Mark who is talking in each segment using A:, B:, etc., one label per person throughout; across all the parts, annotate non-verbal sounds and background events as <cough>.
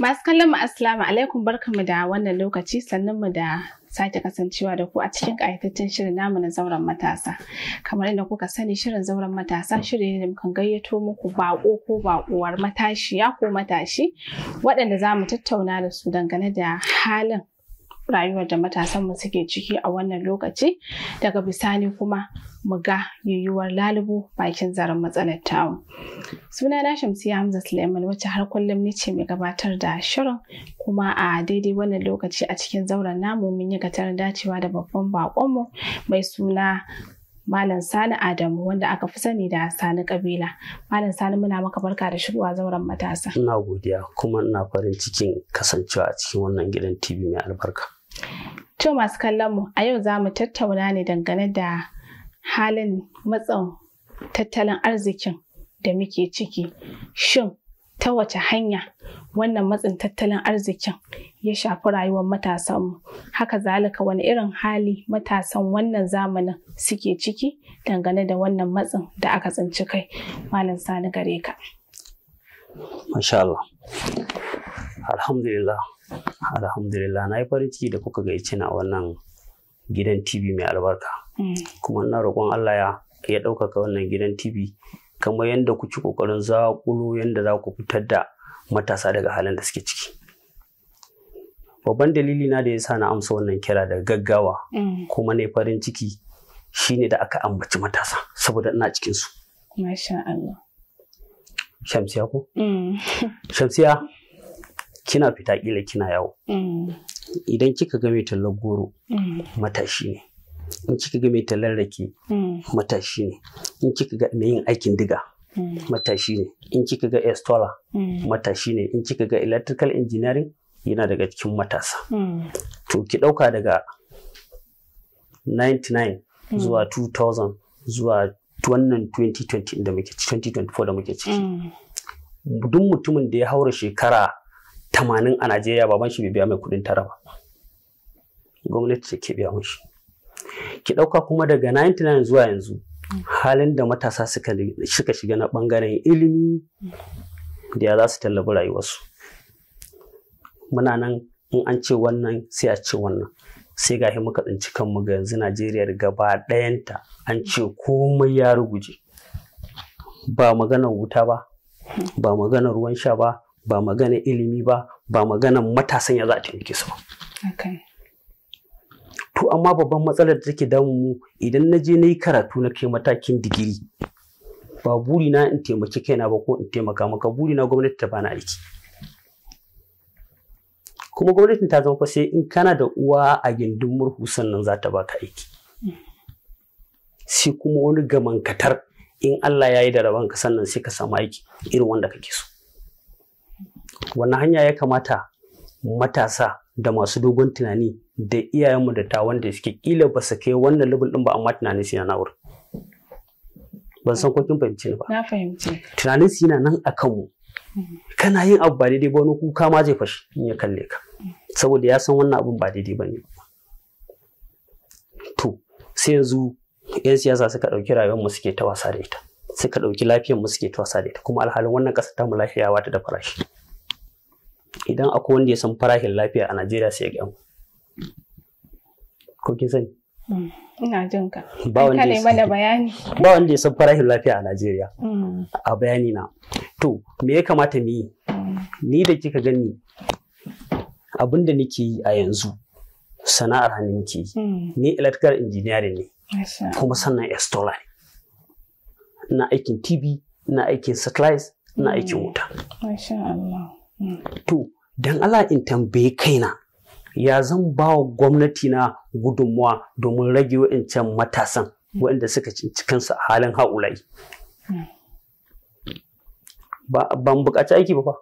A: Masu kallon mu asalamu alaikum barkanmu da wannan lokaci sannan mu da sake kasancewa da ku a cikin ƙayataccen shirin namu na zauren matasa. Kamar inda kuka sani shirin zauren matasa shiri ne da mukan gayyato muku baƙo ko baƙuwar matashiya ko matashi waɗanda za mu tattauna da su dangane da halin rayuwar da matasan mu suke ciki a wannan lokaci daga bisani kuma mu ga yiwuwar lalubu bakin zaren matsalar tamu. Suna na Shamsiya Hamza Suleiman wacce har kullum ni ce mai gabatar da shirin kuma a daidai wannan lokaci a cikin zauren namu mun yi gatar dacewa da babban bakonmu mai suna Malam Sani Adamu wanda aka fi sani da Sani Kabila. Malam Sani muna maka barka da shigowa zauren matasa.
B: Ina godiya kuma ina farin cikin kasancewa a cikin wannan gidan TV mai albarka.
A: To masu kallonmu mu a yau za mu tattauna ne dangane da halin matsan tattalin arzikin da muke ciki. Shin ta wace hanya wannan matsin tattalin arzikin ya shafi rayuwar matasanmu? Haka zalika wani irin hali matasan wannan zamanin suke ciki dangane da wannan matsin da aka tsinci kai. Malam Sani gare ka.
B: Masha Allah. Alhamdulillah. alhamdulillah na yi farin ciki da kuka gaice na wannan gidan tv mai albarka mm. kuma ina roƙon allah ya ya ɗaukaka wannan gidan tv kamar yadda ci ƙoƙarin zaƙulo yadda za ku fitar da matasa daga halin da suke ciki babban dalili na da ya sa na amsa wannan kira da gaggawa mm. kuma ne farin ciki shine da aka ambaci matasa saboda ina cikin su
C: masha Allah
B: shamsiya ko mm. shamsiya kina fita kila kina yawo mm. idan kika ga mai tallar goro mm. matashi ne in kika ga mai tallar rake mm. matashi ne in kika ga mai yin aikin diga matashi ne in kika ga estola matashi ne in kika ga electrical engineering yana daga cikin matasa to ki ɗauka daga 99 zuwa 2000 zuwa wannan 2020 da muke 2024 da muke ciki duk mutumin da ya haura shekara tamanin a Najeriya baban shi bai biya mai kuɗin tara ba. Gwamnati ce ke biya mashi. Ki ɗauka kuma daga 99 zuwa yanzu halin da matasa suka shiga na ɓangaren ilimi da ya za su tallabi rayuwarsu. Muna nan in an ce wannan sai a ce wannan. sai ga muka tsinci kanmu ga yanzu Najeriya gaba ɗayanta an ce komai ya ruguje. Ba maganar wuta ba, ba maganar ruwan sha ba, ba magana ilimi ba ba magana matasan ya za a taimake su ba to amma babban matsalar da take damu mu idan na je na yi karatu na kai matakin digiri ba buri na in taimaki kaina ba ko in taimaka maka buri na gwamnati ta bana aiki kuma gwamnatin ta zama fa sai in kana da uwa a gindin murhu sannan za ta baka aiki sai kuma wani gamankatar in Allah ya yi da rabanka sannan sai ka samu aiki irin wanda kake so wannan hanya ya kamata matasa da masu dogon tunani da iyayenmu da tawon da suke kila ba su kai wannan lubin din ba amma tunanin su yana wuri ban san ko kin fahimci ni ba
C: na fahimci
B: tunanin su yana nan a mu kana yin abu ba daidai ba wani kuka ma zai fashi in ya kalle ka saboda ya san wannan abun ba daidai ba ne to sai yanzu 'yan siyasa suka ɗauki rayuwarmu suke ta wasa da ita suka ɗauki lafiyarmu suke ta wasa da ita kuma alhalin wannan ƙasa ta mu lafiya wata da farashi idan akwai wanda ya san farashin lafiya a Najeriya sai ya gyamu. Ko kin sani?
A: Hmm, ina jin ka. <laughs> Ba wanda ya mana bayani.
C: <laughs>
B: Ba wanda ya san farashin lafiya a Najeriya. Hmm. A bayani na. To, me ya kamata mu yi? Hmm. Ni da kika gani abin da nake yi a yanzu sana'ar hannu nake yi. Ni electrical engineer ne. Kuma sannan estola ne. Ina aikin TV, ina aikin satellites, ina aikin wuta.
C: Masha Allah.
B: To, don Allah in tambaye kaina ya zan ba wa gwamnati na gudunmuwa domin rage wa'incan matasan waɗanda suka cikinsu a halin haƙulai. Ban buƙaci aiki ba fa?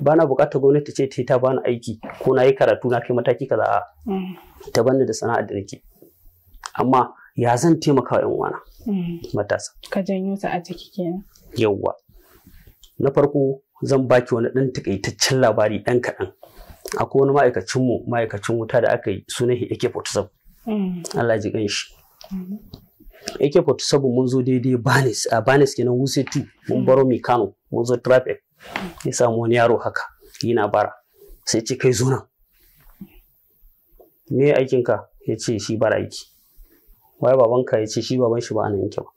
B: ba na buƙatar gwamnati ce ta bani aiki ko na yi karatu na kai mataki kaza a ta bani da sana'a da nake amma ya zan taimaka wa 'yan uwana mm. matasa
A: ka janyo ta a ciki kenan
B: yawwa na farko zan baki wani ɗan takaitaccen labari ɗan kaɗan akwai wani ma'aikacinmu ma'aikacin wuta da aka yi sunan shi AK47 hmm. Allah ji gan shi AK47 mun zo daidai Banis a Banis kenan Wuse 2 mun baro mi Kano mun zo traffic ya samu wani yaro haka yana bara sai ce kai zuna me me aikinka ya ce shi bara aiki waye babanka ya ce shi baban shi ba ana yanke ba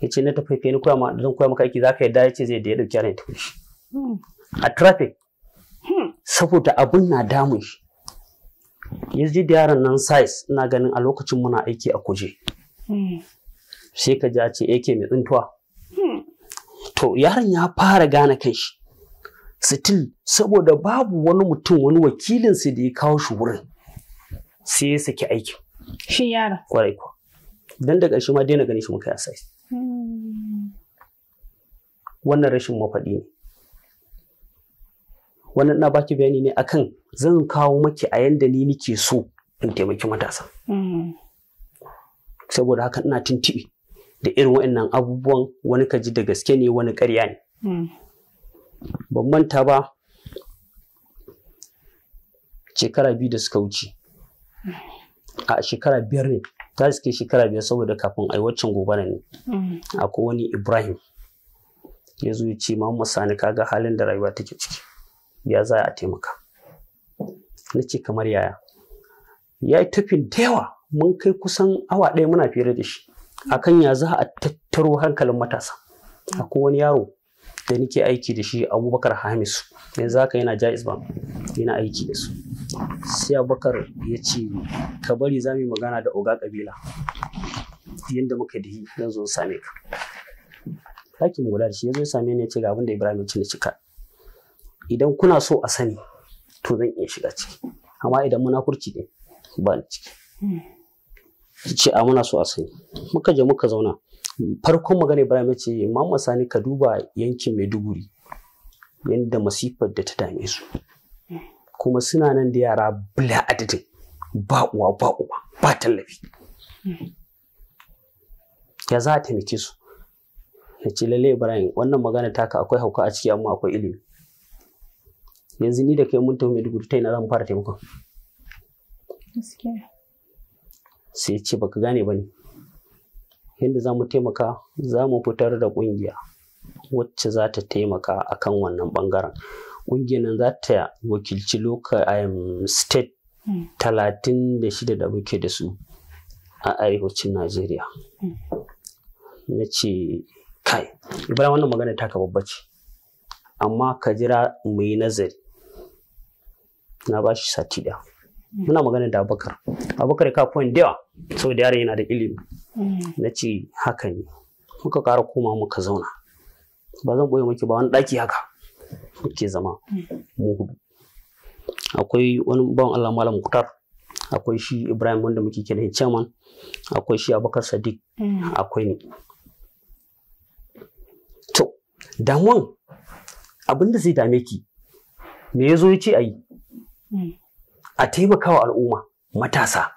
B: ya ce na tafi ni koya ma zan koya maka aiki zaka yadda ya ce zai da ya dauki yaron ya tafi shi a traffic saboda abin na damun shi ya ji da yaran nan size ina ganin a lokacin muna aiki a kuje sai ka ji a ce yake mai tsintuwa to yaron ya fara gane kai shi still saboda babu wani mutum wani wakilinsa da ya kawo shi wurin sai ya saki aiki. shi yaron kwarai ko, don da ƙarshe ma daina ganin shi muka ya size
A: hmm.
B: wannan rashin mafaɗi ne wannan na baki bayani ne akan zan kawo maki a yanda ni nike so in taimaki matasa mm-hmm. saboda haka ina tuntuɓe da irin wa'annan abubuwan wani ka ji da gaske ne wani ƙarya ne mm-hmm. ban manta ba shekara biyu da suka wuce a shekara biyar ne ta suke shekara biyar saboda kafin a yi waccan gobara ne mm-hmm. akwai wani ibrahim ya zo ya ce ma sani kaga halin da rayuwa take ciki ya za a taimaka na ce kamar yaya ya yi tafin da yawa mun kai kusan awa ɗaya muna fere da shi akan ya za a tattaro hankalin matasa akwai wani yaro da nake aiki da shi abubakar hamisu yanzu haka yana jais ba yana aiki da su sai abubakar ya ce ka bari za mu magana da oga kabila yadda muka dihi zan zo same ka ɗakin guda da shi ya zo same ni ya ce ga abin da ibrahim ya ce na cika idan kuna so a sani to zan iya shiga ciki amma idan munafurci ne ba ni
C: ciki
B: ce a muna so a sani muka je muka zauna farkon magana ibrahim ce mamman sani ka duba yankin maiduguri yadda masifar da ta dame su kuma suna nan da yara bula adadin ba uwa ba uwa ba tallafi ya za a taimake su na ce lalle ibrahim wannan magana taka akwai hauka a ciki amma akwai ilimi yanzu ni da kai mun tafi Maiduguri ta ina za fara taimakon sai ce baka gane ba ne yadda za mu taimaka za mu fitar da ƙungiya wacce za ta taimaka a kan wannan ɓangaren ƙungiyar nan za ta wakilci um, state hmm. talatin da shida da muke da su a arewacin najeriya hmm. na ce kai ibrahim wannan magana ta ka amma ka jira mu yi nazari na ba shi sati ɗaya muna magana da abakar abakar ka point da yawa da yaron yana da ilimi mm. na ce haka ne muka ƙara koma muka zauna ba zan ɓoye maki ba wani ɗaki haka muke zama mm. mu hudu akwai wani bawan Allah malam Muktar akwai shi Ibrahim wanda muke kira chairman akwai shi Abubakar Sadiq mm. akwai ni to damuwan abinda zai dame ki me yazo ce ayi a taimaka wa al'umma matasa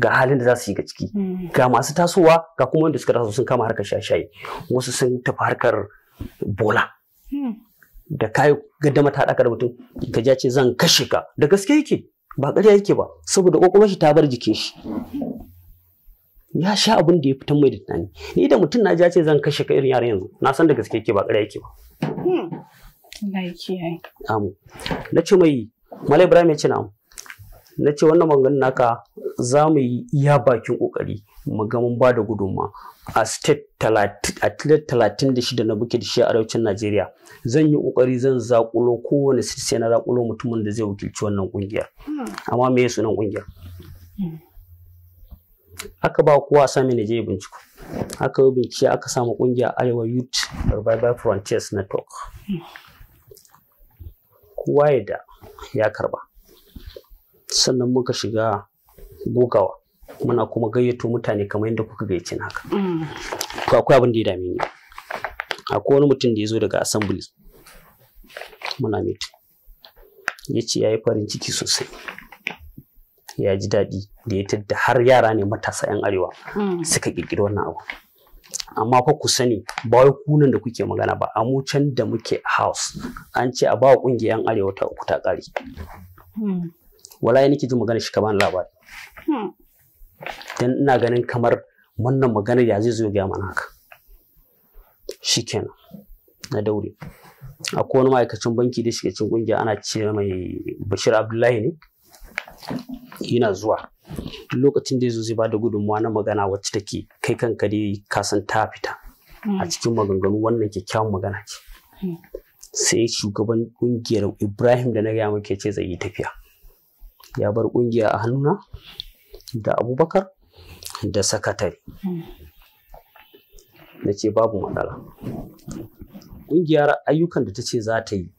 B: ga halin da za su yi ga ciki mm. ga masu tasowa ga kuma wanda suka taso sun kama harkar shaye wasu sun tafi harkar bola mm. da kayi gaddama ta da mutum ka ja ce zan kashe ka da gaske yake ba ƙarya yake ba saboda ƙwaƙwalwar shi ta bar jikin shi ya sha abin da ya fitan mai da tunani ni da mutum na ja ce zan kashe ka irin yaran yanzu na san da gaske yake ba ƙarya yake ba hmm. na ce mai Malai Ibrahim ya ce na Na ce wannan maganganun naka za mu yi iya bakin kokari mu ga mun ba da gudunma a state talatin da shida na muke da shi a arewacin Najeriya. Zan yi kokari zan zakulo kowane sai na zakulo mutumin da zai wakilci wannan kungiyar. Amma me sunan kungiyar? aka ba kowa sami na je binciko aka yi bincike aka samu kungiyar arewa youth revival frontiers network kowa ya da ya karba sannan muka shiga gogawa muna kuma gayyato mutane kamar yadda kuka gayyaci haka mm. to akwai abin da ya dame ni akwai wani mutum da ya zo daga assembly muna mitin ya ce ya yi farin ciki sosai ya ji daɗi da ya tadda har yara ne matasa 'yan arewa mm. suka ƙirƙiri wannan abu amma fa ku sani ba wai kunan da kuke magana ba a mu can da muke house an ce a bawa kungiyan arewa ta uku ta kare hmm. wallahi nake ji magana shi ka bani labari hmm. dan ina ganin kamar wannan magana ya zai zo ga mana haka shikenan na daure akwai wani ma'aikacin banki da shiga cikin kungiya ana ce mai Bashir Abdullahi ne yana zuwa lokacin da ya zo zai ba da gudunmawa na magana wacce take kai kanka dai ka san ta fita a hmm. cikin maganganu wannan kyakkyawan magana ce hmm. sai shugaban kungiyar ibrahim da na gaya muke ce zai yi tafiya ya bar kungiya a hannuna da abubakar da sakatare hmm. na ce babu matsala kungiyar ayyukan da ta ce za ta yi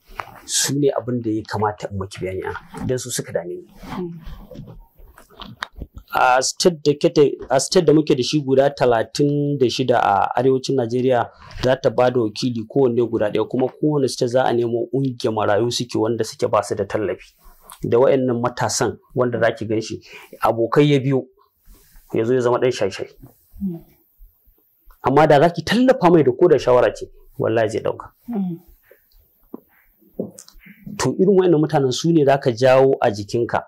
B: su ne abin da ya kamata in maki bayani don su suka dame ni a state da muke da shi guda talatin da shida a arewacin najeriya za ta ba da wakili kowanne guda ɗaya kuma kowane state za a nemo ƙungiyar marayu suke wanda suke basu da tallafi da wayannan matasan wanda za ki gan shi abokai ya biyo ya zo ya zama ɗan shaishai hmm. amma da za ki tallafa mai da ko da shawara ce wallahi zai ɗauka hmm. to irin wayannan mutanen su ne za ka jawo a jikinka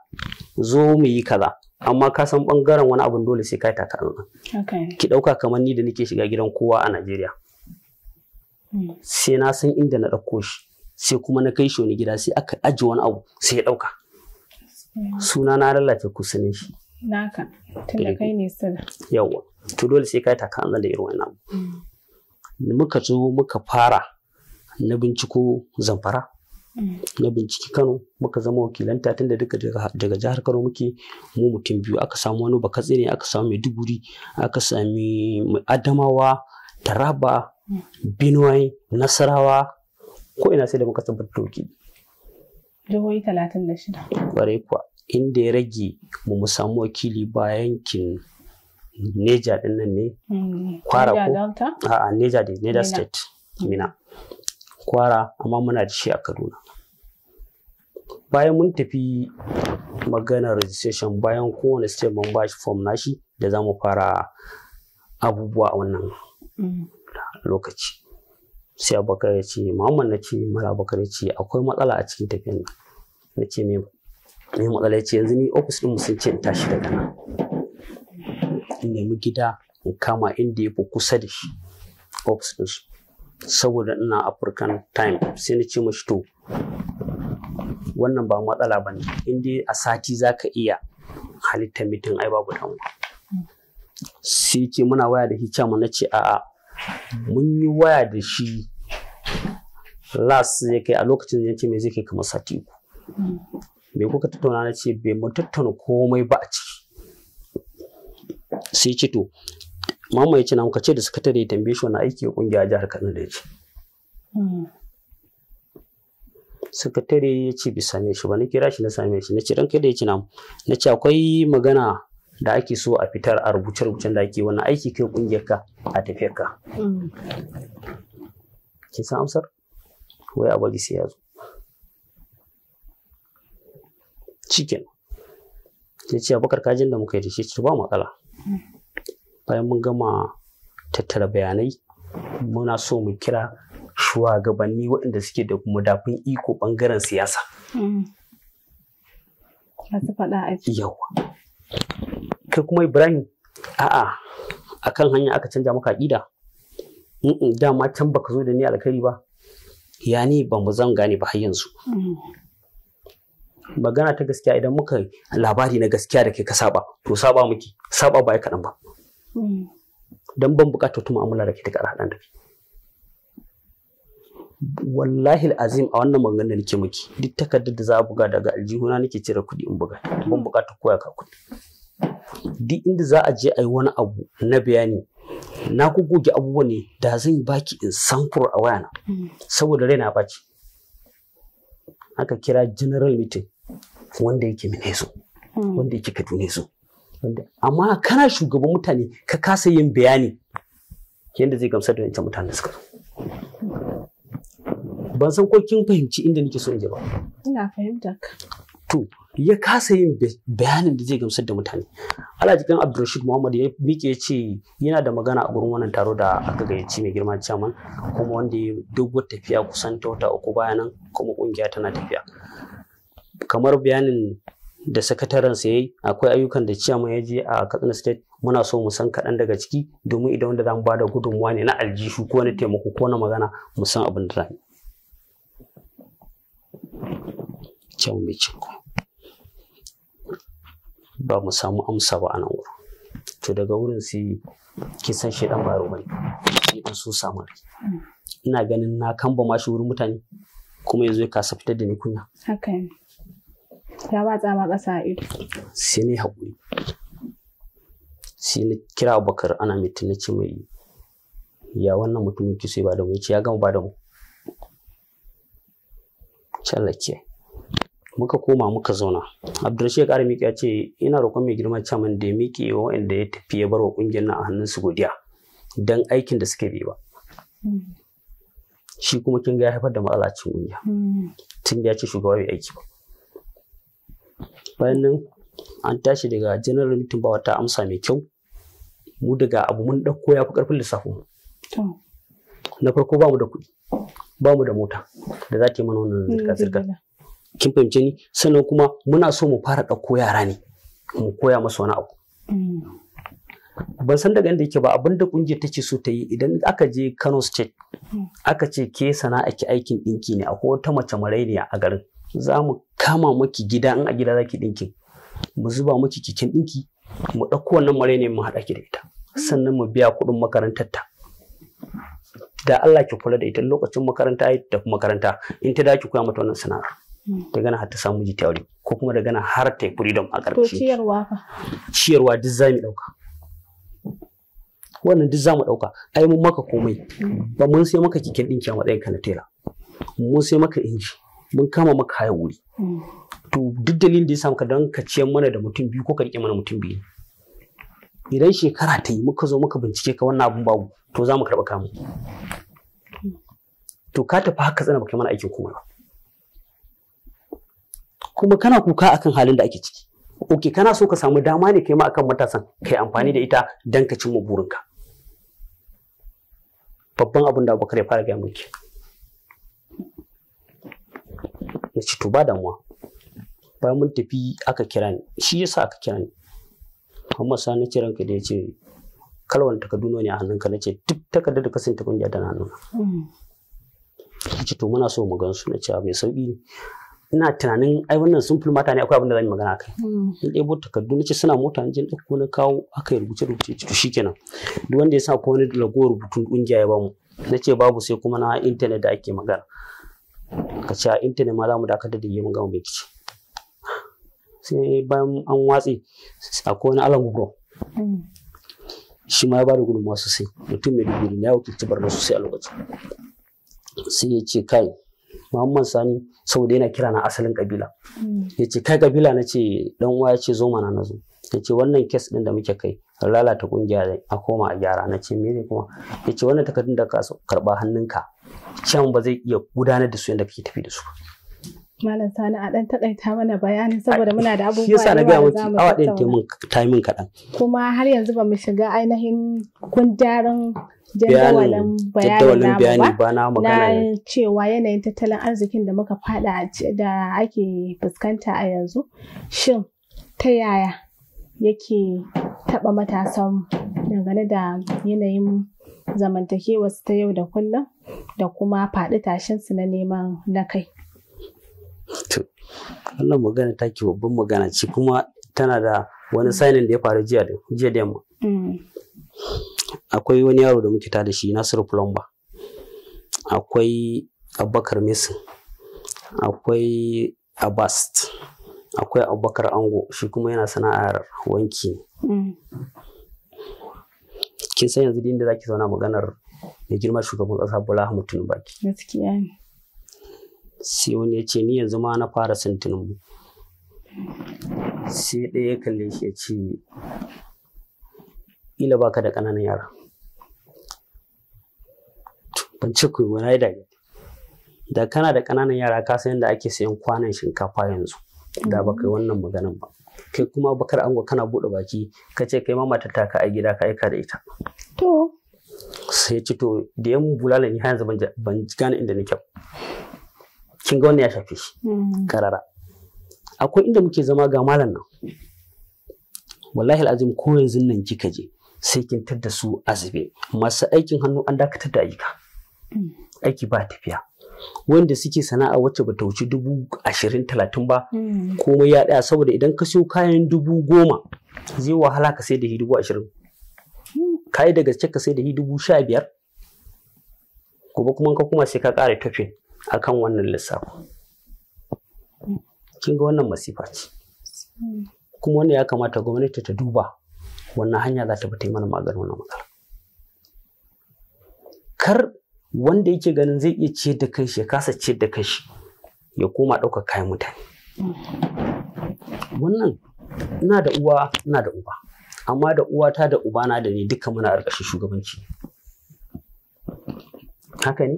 B: zo mu yi kaza amma ka san bangaren wani abin dole sai ka taka okay. ki dauka kamar ni da nake shiga gidan kowa a Najeriya hmm. sai na san inda na dauko shi sai kuma na kai shi wani gida sai aka aje wani abu sai ya dauka
C: hmm. suna
B: na lalace kusanin shi naka da kai ne sila yawa to dole sai ka taka an da irin wannan abu
A: hmm.
B: muka zo muka fara na binciko zamfara na binciki Kano muka zama wakilanta tunda duka daga jihar Kano muke mu mutum biyu aka samu wani bakatse ne aka samu Maiduguri aka sami Adamawa Taraba Benue Nasarawa ko ina sai da muka tabbata wakili
A: jihohi talatin da shida
B: inda ya rage mu mu samu wakili ba yankin Neja din nan ne mm, kwara ko a Neja da Neja state mina kwara amma muna da shi a Kaduna bayan mun tafi maganar registration bayan kowane state mun bashi form nashi da za mu fara abubuwa a wannan mm. lokaci sai abubakar ya ce muhammad na ce mara abubakar ya ce akwai matsala a cikin tafiyan nan na ce mai matsala ya ce yanzu ni ofis ɗin sun ce in tashi daga nan in nemi gida in kama inda ya fi kusa da shi ofis ɗinsu saboda ina african time sai na ce mashi to wannan ba matsala ba ne in a sati za ka iya halitta mitin ai babu damuwa sai ke muna waya da shi mu na ce a'a mun yi waya da shi las ya kai a lokacin ya ce me zai kai kamar sati uku me kuka tattauna na ce bai mu tattauna komai ba a ciki sai ce to mamaye ce na muka ce da sakatare ya tambaye shi wani aiki ya kungiya jihar Kano da ya ce hmm. sakatare ya ce bi same shi ba na kira shi na same shi na ce ranka da ya namu. na ce akwai magana da ake so a fitar a rubuce-rubucen da ake wannan aiki kai kungiyar ka a tafiyar ka mm. kin san amsar wai a bari sai ya zo cikin ya ce abakar kajin da muka yi da shi ba matsala mm. bayan mun gama tattara bayanai muna so mu kira shugabanni waɗanda suke da madafin iko ɓangaren siyasa.
A: Mm. Masu faɗa a
B: Yawa. Kai kuma Ibrahim, a'a, a kan hanya aka canja maka ƙida. Dama can baka zo da ni alkari ba. Ya ni ba mu zan gane ba har yanzu. Mm. Magana ta gaskiya idan muka labari na gaskiya da kai ka saba, to saba muke, saba ba ya kaɗan ba. Mm. Don ban buƙatar tu mu'amala da ke ta da kai. wallahi azim a wannan maganganun da nake miki duk takardar da za a buga daga aljihuna nake cire kuɗi in buga ban bukata koya ka kuɗi duk inda za a je a yi wani abu na bayani na goge abubuwa ne da zan baki in samfur a wayana saboda raina baci aka kira general meeting wanda yake mineso wanda yake kaduna so amma kana shugaban mutane ka kasa yin bayani yadda zai gamsar da wancan mutanen suka zo ban san ko kin fahimci inda nake so in je ba
A: ina fahimta ka
B: to ya kasa yin bayanin da zai gamsar da mutane alhaji kan abdulrashid muhammad ya mike ce yana da magana a gurin wannan taro da aka gayyaci mai girma chairman kuma wanda ya doguwar tafiya kusan ta wata uku bayanan kuma kungiya tana tafiya kamar bayanin da sakataren sa yayi akwai ayyukan da chairman ya je a katsina state muna so mu san kaɗan daga ciki domin idan wanda zamu bada gudunmuwa ne na aljihu ko na taimako ko na magana mu san abin da zamu kyan bicinku ba mu samu amsa ba a nan wuri to daga wurin sai kisan shi dan baro bane shi dan so samu ina ganin na kamba mashi wurin mutane kuma yanzu ya kasa fitar da ni kunya
A: haka ne ba tsama kasa ƙasa ido
B: sai ne hakuri sai na kira abubakar ana mai tunanci mai ya wannan mutumin ki sai ba da mu ya ce ya gama ba da mu can muka koma muka zauna abdulrashid armik ya ce ina roƙon mai girma caman da ya wa wa'anda ya tafi ya bar wa ƙungiyar nan a hannun su godiya don aikin da suka bi ba shi kuma kin ga ya haifar da matsala cikin ƙungiya tun ya ce shugaba bai aiki ba bayan nan an tashi daga general meeting ba wata amsa mai kyau mu daga abu mun ɗauko ya fi ƙarfin lissafin na farko ba mu da kuɗi ba mu da mota da za ta yi mana wannan hmm, zirga-zirga kin fahimce ni sannan kuma muna so mu fara ɗauko yara ne mu koya masu wani abu hmm. ban san daga inda yake ba abinda kungiyar take so ta yi idan aka je Kano State hmm. aka ce ke sana'a ki aikin dinki ne akwai wata mace marainiya a garin za mu kama maki gida in a gida zaki ɗinkin? mu zuba maki kikin ɗinki, mu ɗauko wannan marainiyar mu haɗa ki da ita sannan mu biya kuɗin makarantar ta da Allah ki kula da ita lokacin makaranta da kuma makaranta in ta dace koya mata wannan sana'ar ta hmm. gana har ta samu miji aure ko kuma da gana har ta yi freedom a ƙarshe
A: ciyarwa fa
B: ciyarwa duk za mu dauka wannan duk za mu dauka ai mun maka komai ba mun sai maka kikin dinki a matsayin ka na tera mun sai maka inji mun kama maka haya wuri hmm. to duk dalilin da ya samu ka don ka ciyar mana da mutum biyu ko ka rike mana mutum biyu idan shekara ta yi muka zo muka bincike ka wannan abun babu to za mu karɓa kamu to ka tafi haka tsana baka mana aikin kuma kuma kana kuka akan halin da ake ciki ok kana so ka samu dama ne kai ma akan matasan kai amfani da ita dan ka cimma burinka babban abin da abubakar ya fara gaya mun na ci to ba damuwa bayan mun tafi aka kira ni shi yasa aka kira ni Muhammad Sani ce ka da ya ce kalwan takardu ne a hannunka na ce duk takarda da kasance kungiya na nuna. Hmm. ce to muna so mu gan su na ce mai sauki ina tunanin ai wannan sun fi mata ne akwai abin da zan yi magana kai. Hmm. In ɗebo takardu na ce suna mota na jin ɗauko na kawo aka yi rubuce rubuce to shikenan duk wanda ya sa ko wani lagowar rubutun kungiya ya bamu na ce babu sai kuma na intanet da ake magana. Ka ce a intanet ma za mu dakatar da yi mun gama bincike. sai bayan an watse akwai wani alan gubro mm. shi ma ya ba da gudunmawa sosai mutum mai digiri ya wakilci barna sosai a lokacin sai ya ce kai Muhammad Sani saboda yana kira na asalin kabila mm. ya ce kai kabila na ce dan uwa ya ce zo mana na zo ya ce wannan kes din da muke kai lalata kungiya a koma a gyara na ce me kuma ya ce wannan takardun da ka karba hannunka can ba zai iya gudanar da su yadda kake tafi da su
A: Malam Sani a ɗan taɗaita mana bayani saboda muna da abubuwa da da zamu awa ɗin timing kaɗan. Kuma har yanzu ba mu shiga ainihin kundarin jadawalin bayanin namu ba na cewa yanayin tattalin arzikin da muka faɗa da ake fuskanta a yanzu shin ta yaya yake taɓa matasan dangane da yanayin zamantakewarsu ta yau da kullum da kuma faɗi tashinsu na neman na kai.
B: to wannan magana ke babban magana ce kuma tana da wani sainin da ya faru jiya da jiya da yamma mm. akwai wani yaro da muke tada shi Nasiru Plumber akwai Abubakar Mason. akwai Abast akwai Abubakar Ango shi kuma yana sana'ar wanki mm. kin san yanzu da zaki zauna maganar mai girma shugaban ƙasa Bola Ahmed Tinubu
C: gaskiya ne
B: sai wani ya ce ni yanzu ma na fara son tinubu sai ɗaya ya kalle shi ya ce ila baka da ƙananan yara ban ce ku wani ya dage da kana da ƙananan yara ka san yadda ake sayan kwanan shinkafa yanzu
A: da baka yi wannan
B: maganan ba kai kuma bakar ango kana buɗe baki ka ce kai ma ta ka a gida ka aika da ita to sai ci to da yan bulala ni yanzu ban gane inda nake kin ga wannan ya shafe shi hmm. karara akwai inda muke zama ga malam nan wallahi al'azim ko yanzu nan kika je sai kin da su azube masu aikin hannu an dakatar da ayyuka hmm. aiki ba tafiya wanda suke sana'a wacce ba ta wuce dubu ashirin talatin ba hmm. komai ya daya saboda idan ka siyo kayan dubu goma zai wahala ka sai da dubu ashirin kayi daga cikin ka sai da dubu sha biyar gobe kuma ka kuma sai ka ƙara tafin akan wannan lissafin kin ga wannan masifa ce kuma wanda ya kamata gwamnati ta duba wannan hanya za ta bi mana maganin wannan matsala kar wanda yake ganin zai iya ciyar da kanshi ya kasa ciyar da kanshi ya koma ɗaukar kayan mutane wannan ina da uwa ina da uba amma da uwata da ubana da ni duka muna ƙarƙashin shugabanci haka ne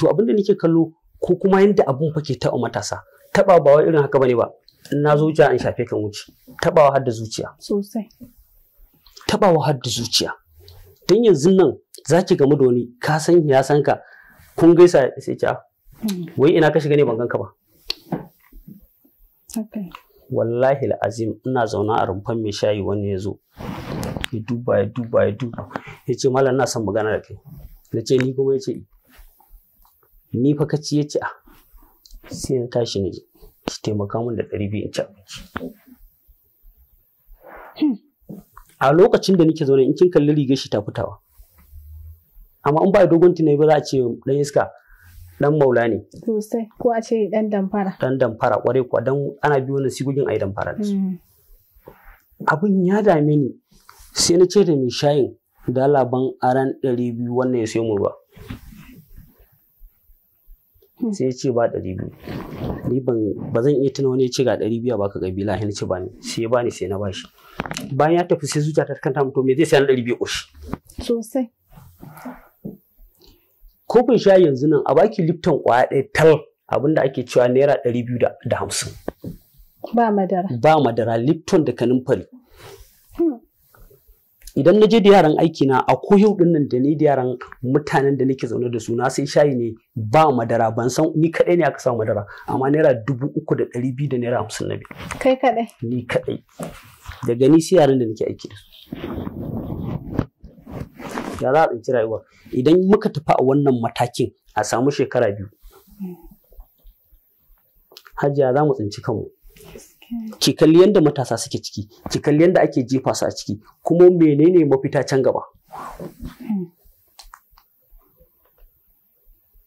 B: to abin da nake kallo ko kuma yadda abun fake taɓa matasa taɓa ba wai irin haka bane ba na zuciya in shafe kan wuce taɓawa har da zuciya sosai taɓawa har da zuciya don yanzu nan za ki gamu da wani ka san ya san ka kun gaisa sai ki ah, hmm. wai ina ka shiga ne ban ganka ba wallahi azim ina zauna a rumfan mai shayi wani ya zo ya duba ya duba ya duba ya ce malam na son magana da kai na ce ni kuma ya ce ni fa kaci ya ci a ah, sai ya tashi ne ji ki taimaka min da ɗari biyu in ci abinci a lokacin da nake zaune in kin kalli rigar shi ta fitawa amma in ba dogon tunai ba za a ce dan iska dan maula ne
A: sosai ko a ce dan damfara
B: dan damfara ƙwarai kuwa dan ana biyo wannan sigogin ai damfara da su mm. abin ya dame ni sai na ce da mai shayin da laban aran ɗari biyu wannan ya sayo mu ba Hmm. sai ya ce ba ɗari biyu ni ba zan iya tuna wani ya ce ga ɗari biyu baka kabila hin ce bani sai ba ni sai na bashi bayan ya tafi sai zuciya ta kanta mutum me zai sayan ɗari biyu ƙoshi sosai kofin sha yanzu nan a baki lifton ƙwaya ɗaya tal abinda ake cewa naira ɗari biyu da hamsin ba madara ba madara lipton da kanin idan na je da yaran aiki na a koyau din nan da ni da yaran mutanen da nake zaune da su na sai shayi ne ba madara ban san ni kadai ne aka samu madara amma naira dubu uku da ɗari biyu da naira hamsin na biyu kai kadai ni kadai daga ni sai yaran da nake aiki da su ya za a tsinci rayuwa idan muka tafi a wannan matakin a samu shekara biyu hajiya za mu tsinci kanmu ki kalli yadda matasa suke ciki ki kalli yadda ake jefa su a ciki kuma menene mafita can gaba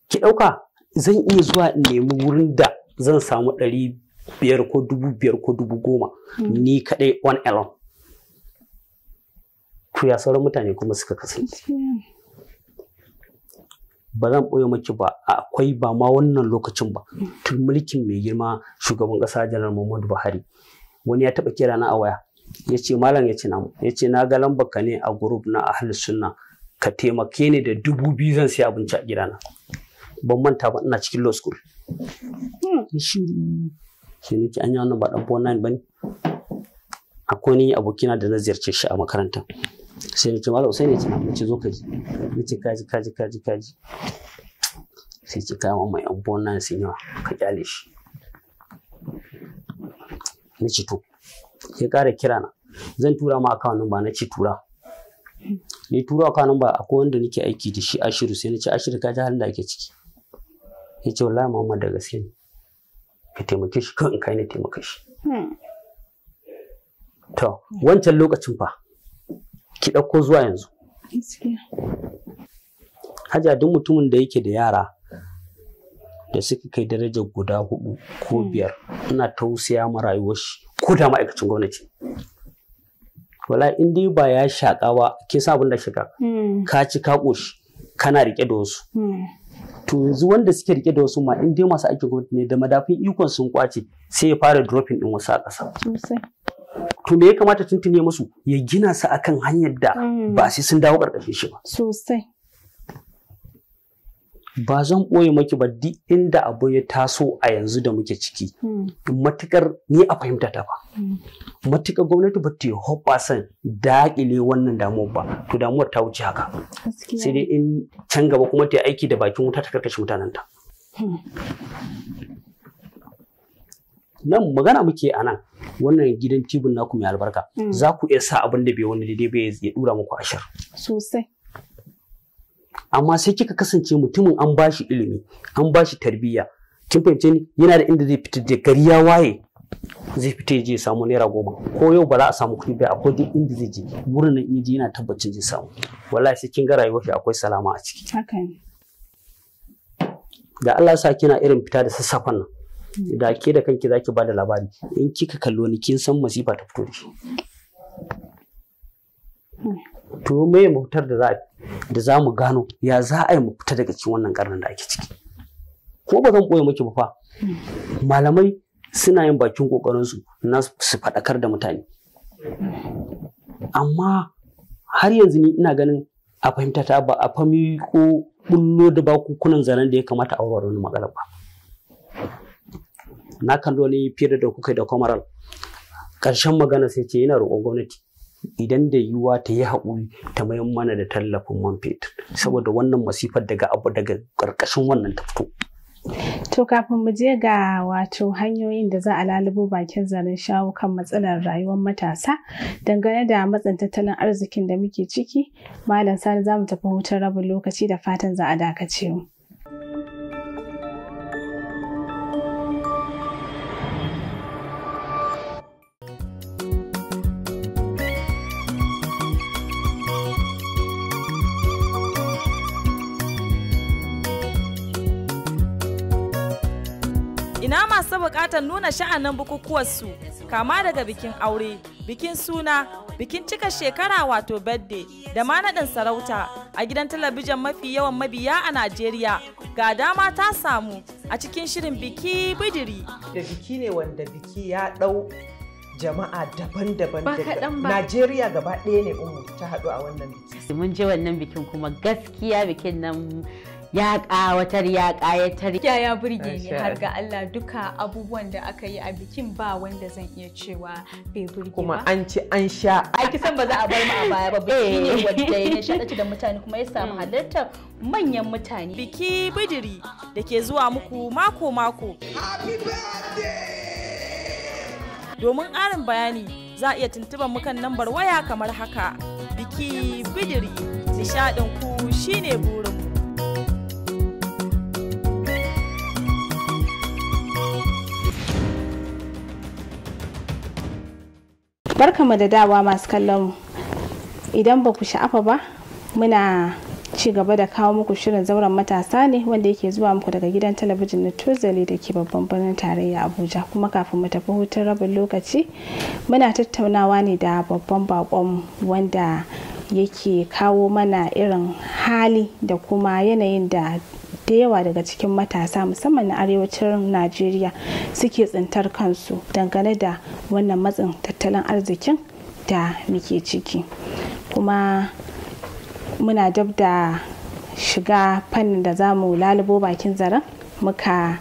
B: ki ɗauka zan iya zuwa in nemi wurin da zan samu ɗari biyar ko dubu biyar ko dubu goma ni kaɗai one alone Ku ya sauran mutane kuma suka kasance ba zan ɓoye maki ba akwai ba ma wannan lokacin ba tun mulkin mai girma shugaban ƙasa janar muhammadu buhari wani ya taɓa kira na a waya ya ce malam ya ce na ya ce na ga lamba ka ne a group na ahal sunna ka taimake ni da dubu biyu zan sai abinci a gidana ban manta ba ina cikin law school
C: hmm. shi
B: shi nake an yi wannan ba ɗan ba ne akwai ni abokina da na ziyarce shi a makaranta sai ya ce malam sai ne ce na ce zo ka ji na ce kaji kaji kaji kaji sai ce kai wa mai abubuwan nan sai yawa ka kyale shi na ce to ya ƙara kira na zan tura ma akawun nan ba na ce tura ni tura akawun nan ba akwai wanda nake aiki da shi ashiru sai na ce ashiru ka ji halin da ake ciki ya ce wallahi muhammad da gaske ne ka taimake shi kan in kai ne taimake shi hmm. to wancan lokacin fa ki ɗauko zuwa yanzu hajiya duk mutumin da yake da yara da suka kai daraja guda hudu ko hmm. biyar ina tausaya ma rayuwar shi ko da ma'aikacin gwamnati wala in dai ba ya shaƙa ba ke sa abin da shiga hmm. ka ci ka ƙoshi kana riƙe da wasu hmm. to yanzu wanda suke rike da wasu ma in dai masu aikin gwamnati ne da madafin ikon sun kwace sai ya fara dropping din wasu a ƙasa to me ya kamata tuntune musu ya gina su akan hanyar da mm. ba sai sun dawo ƙarƙashin shi ba sosai ba zan ɓoye maki ba duk inda abu ya taso a yanzu da muke ciki mm. matukar ni a fahimta ta ba mm. matukar gwamnati ba ta yi hoɓasan daƙile wannan damuwar ba to damuwar ta wuce haka sai dai in can gaba kuma ta yi aiki da bakin wuta ta karkashe mutanen ta hmm. nan magana muke a nan wannan gidan tibin naku mai albarka mm. za ku iya sa abin da bai wani daidai bai ya dura muku ashir sosai amma sai kika kasance mutumin an bashi ilimi an bashi tarbiyya kin fahimce ni yana da inda zai fita da gari ya waye zai fita ya je samu naira goma ko yau ba za a samu kuɗi ba akwai duk inda zai je wurin nan inji yana tabbacin zai samu wallahi sai kin ga rayuwar shi akwai salama a ciki da Allah sa kina irin fita da sassafan nan da ke da kanki zaki ba da labari in kika kallo ni kin san masifa ta fito da shi to me mutar da za da za mu gano ya za a yi mu fita daga cikin wannan karnan da ake ciki ko ba zan boye miki ba fa malamai suna yin bakin kokarin su na su faɗakar da mutane amma har yanzu ni ina ganin a fahimta ta ba a fami ko bullo da kunan zaren da ya kamata a warware wani matsala ba na kallo ni fiye da kuka da kwamaral ƙarshen magana sai ce yana roƙon gwamnati idan da yiwuwa ta yi haƙuri ta mayan mana da tallafin man fetur saboda wannan masifar daga abu daga ƙarƙashin wannan ta fito.
A: To kafin mu je ga wato hanyoyin da za a lalubo bakin zaren shawo kan matsalar rayuwar matasa dangane da matsan tattalin arzikin da muke ciki, Malam Sani za mu tafi hutun rabin lokaci da fatan za a dakace mu. buƙatar nuna sha'anin bukukuwarsu kama daga bikin aure bikin suna bikin cika shekara wato birthday da ma naɗin sarauta a gidan talabijin mafi yawan mabiya a najeriya ga dama ta samu a cikin shirin biki
B: bidiri da biki ne wanda biki ya ɗau jama'a daban-daban Najeriya gaba ɗaya ne umu ta haɗu a wannan biki. Mun je wannan bikin kuma gaskiya
D: bikin nan ya ƙawatar ya ƙayatar ya ya burge ni har ga Allah duka abubuwan da aka yi a bikin ba wanda zan iya cewa
B: bai burge ba kuma an ci an sha ai kisan ba za a bar mu a baya ba biki eh. ne wanda ya nishaɗanta
D: da mutane kuma ya samu mm.
A: halartar manyan mutane biki bidiri da ke zuwa muku mako mako domin ƙarin bayani za a iya tuntuɓar mu kan lambar waya kamar haka biki bidiri nishaɗin ku shine burin barkamu da dawa masu kallon idan ba ku sha'afa ba muna ci gaba da kawo muku shirin zauren matasa ne wanda yake zuwa muku daga gidan talabijin na tozali da ke babban birnin tarayya abuja kuma kafin mu tafi hutun rabin lokaci muna tattaunawa ne da babban bakon wanda yake kawo mana irin hali da kuma yanayin da da yawa daga cikin matasa musamman na arewacin najeriya suke tsintar kansu dangane da wannan matsin tattalin arzikin da muke ciki kuma muna dab da shiga fannin da za mu lalubo bakin zaren muka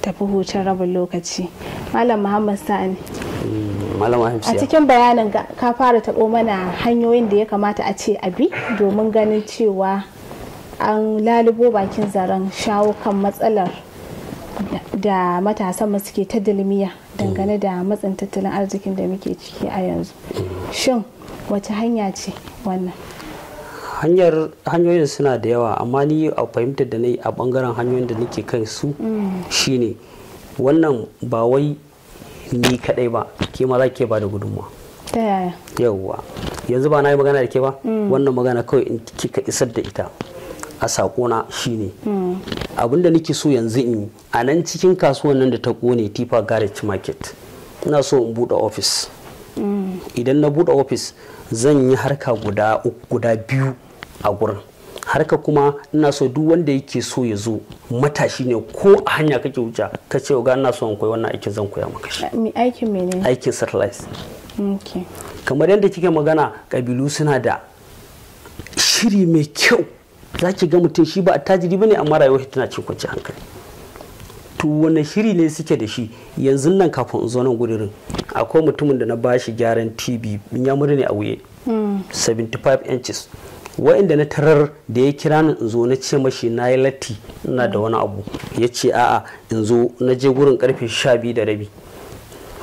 A: tafi hutun rabin lokaci malam muhammad sa'ani
B: mm, a cikin
A: bayanin ka fara taɓo mana hanyoyin da ya kamata a ce abi domin ganin cewa an lalubo bakin zaren shawo kan matsalar da matasan suke ta dalmiya dangane da matsin tattalin arzikin da muke ciki a yanzu shin wata hanya ce wannan
B: hanyar hanyoyin suna da yawa amma ni a fahimtar da na a bangaren hanyoyin da nake kai su shine wannan ba wai ni kadai ba ke ma za ke ba da gudunma yanzu ba na yi magana da ke ba mm. wannan magana kawai in kika isar da ita a sakona shine abinda nake so yanzu in a nan cikin kasuwan nan da ta kone tifa garage market ina so in buɗe ofis idan na buɗe ofis zan yi harka guda guda biyu a gurin harka kuma ina so duk wanda yake so ya zo matashi ne ko a hanya kake wuce ka ce ga ina so in koyi wannan aikin zan koya maka shi
A: aikin ne.
B: aikin satellite kamar yadda kike magana kabilu suna da shiri mai kyau za ki ga mutum shi ba a tajiri ba ne amma rayuwar tana cin kwanci hankali to wani shiri ne suke da shi yanzu nan kafin in zo nan gudurin akwai mutumin da na ba shi gyaran tv ya muri ne a wuye 75 inches wa'inda na tarar da ya kira ni in zo na ce mashi na yi latti ina da wani abu ya ce a'a in zo na je gurin karfe sha biyu da rabi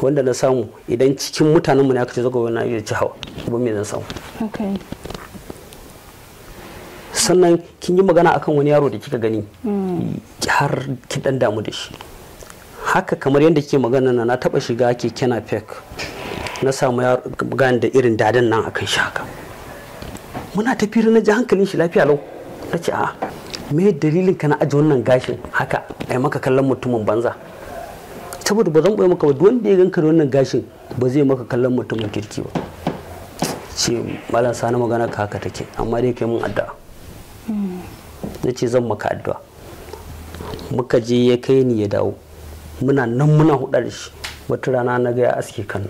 B: wanda na samu idan cikin mutanenmu ne aka ce zagowa na iya ci hawa ba me zan samu sannan kin yi magana akan wani yaro da kika gani hmm. har ki dan damu da shi haka kamar yadda ke magana na na taba shiga keke na pek na samu gani da irin dadan nan akan shi haka muna tafiyar na ji hankalin shi lafiya lau na ce a me dalilin ka na aji wannan gashin haka ai maka kallon mutumin banza saboda ba zan ɓoye maka ba wanda ya ganka da wannan gashin ba zai maka kallon mutumin kirki ba ce malam sani magana ka haka take amma dai kai mun addu'a
C: na
B: ce zan maka addu'a muka je ya kai ni ya dawo muna nan muna huɗa da shi wata rana na ga ya aske kan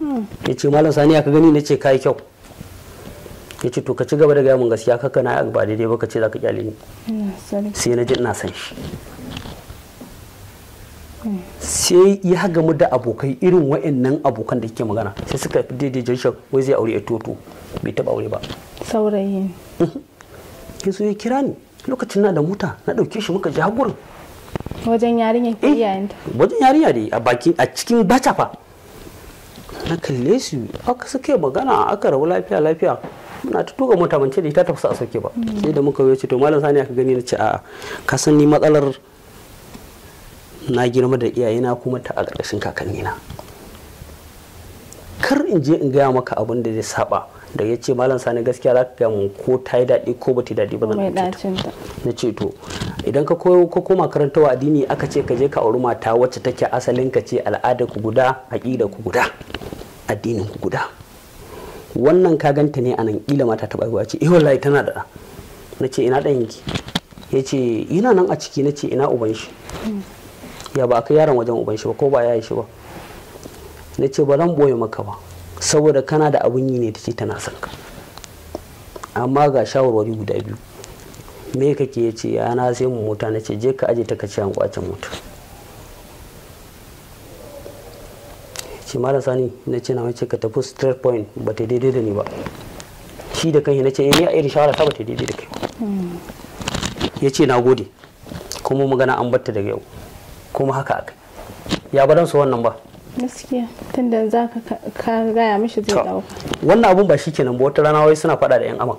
B: nan ya ce malam sani ka gani na ce kai kyau ya ce to ka ci gaba da gaya mun gaskiya kaka na ba daidai ba ka ce za ka kyale ni sai na ji ina san shi sai ya gamu da abokai irin wa'annan abokan da kike magana sai suka fi daidai shan wai zai aure ya toto bai taba aure ba
A: saurayi
B: ya ya kira ni lokacin na da mota na ɗauke shi muka je
A: wajen yarinya ke eh, iyayenta
B: wajen yarinya dai a baki a cikin bacha fa na kalle su aka suke magana aka rabu lafiya lafiya muna ta tuga mota mance da ita ta fasa a sauke ba hmm. sai da muka wuce to malam sani aka gani na ce a ka san ni matsalar na girma da iyayena kuma ta a ƙarƙashin kakannina kar in je in gaya maka abin da zai saba da ya ce malam sani gaskiya za ka mun ko ta yi daɗi ko ba ta daɗi ba zan na ce to idan ka koyo ko koma karantawa addini aka ce ka je ka auri mata wacce take asalin ka ce al'ada ku guda aƙida ku guda addinin ku guda wannan ka ganta ne nan ƙila mata ta ɓaiwa ce eh wallahi tana da na ce ina ɗan yanki ya ce ina nan a ciki na ce ina uban shi mm. ya ba ka yaron wajen uban shi ba ko ba ya yi shi ba na ce ba zan boye maka ba saboda kana da abin yi ne ta ce tana son ka amma ga shawarwari guda biyu me kake ya ce yana sai mu mota na ce je ka aje ta ka ce an kwace mota shi mara sani na ce na wace ka tafi straight point ba ta daidai da ni ba shi da kanshi na ce eh, ni a irin shawara ta ba ta daidai da kai hmm. ya ce na gode kuma magana an batta daga yau kuma haka akai ya baransu wannan ba
A: tunda za ka gaya mishi zai
B: dauka wannan abun ba shi kenan ba wata rana wai suna faɗa da yan aman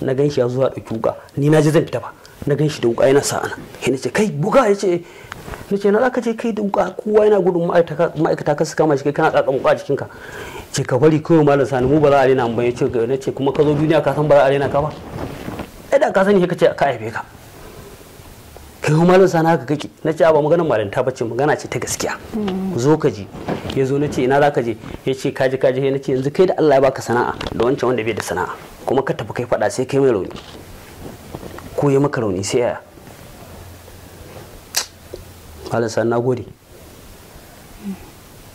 B: na ganshi ya zuwa ɗauki wuƙa ni na ji zan fita ba na ganshi da wuka yana sa'ana ana yana ce kai buga ya ce na ce na zaka ce kai da wuka kowa yana gudun ma'aikata ka su kama shi kai kana ƙaƙa wuka jikinka ce ka bari kawai malam sani mu ba za a rena mu ba ya ce na ce kuma ka zo duniya ka san ba za a rena ka ba ai da ka sani ka ce ka aibe ka kai kuma lissa na haka kake na ce ba maganar ta bace magana ce ta gaskiya hmm. zo ka ji ya zo na ce ina za ka je ya ce kaji kaji na ce yanzu kai da Allah ya baka sana'a da wancan wanda bai da sana'a kuma ka tafi kai faɗa sai kai mai rauni ko ya maka rauni sai yaya malinsa na gode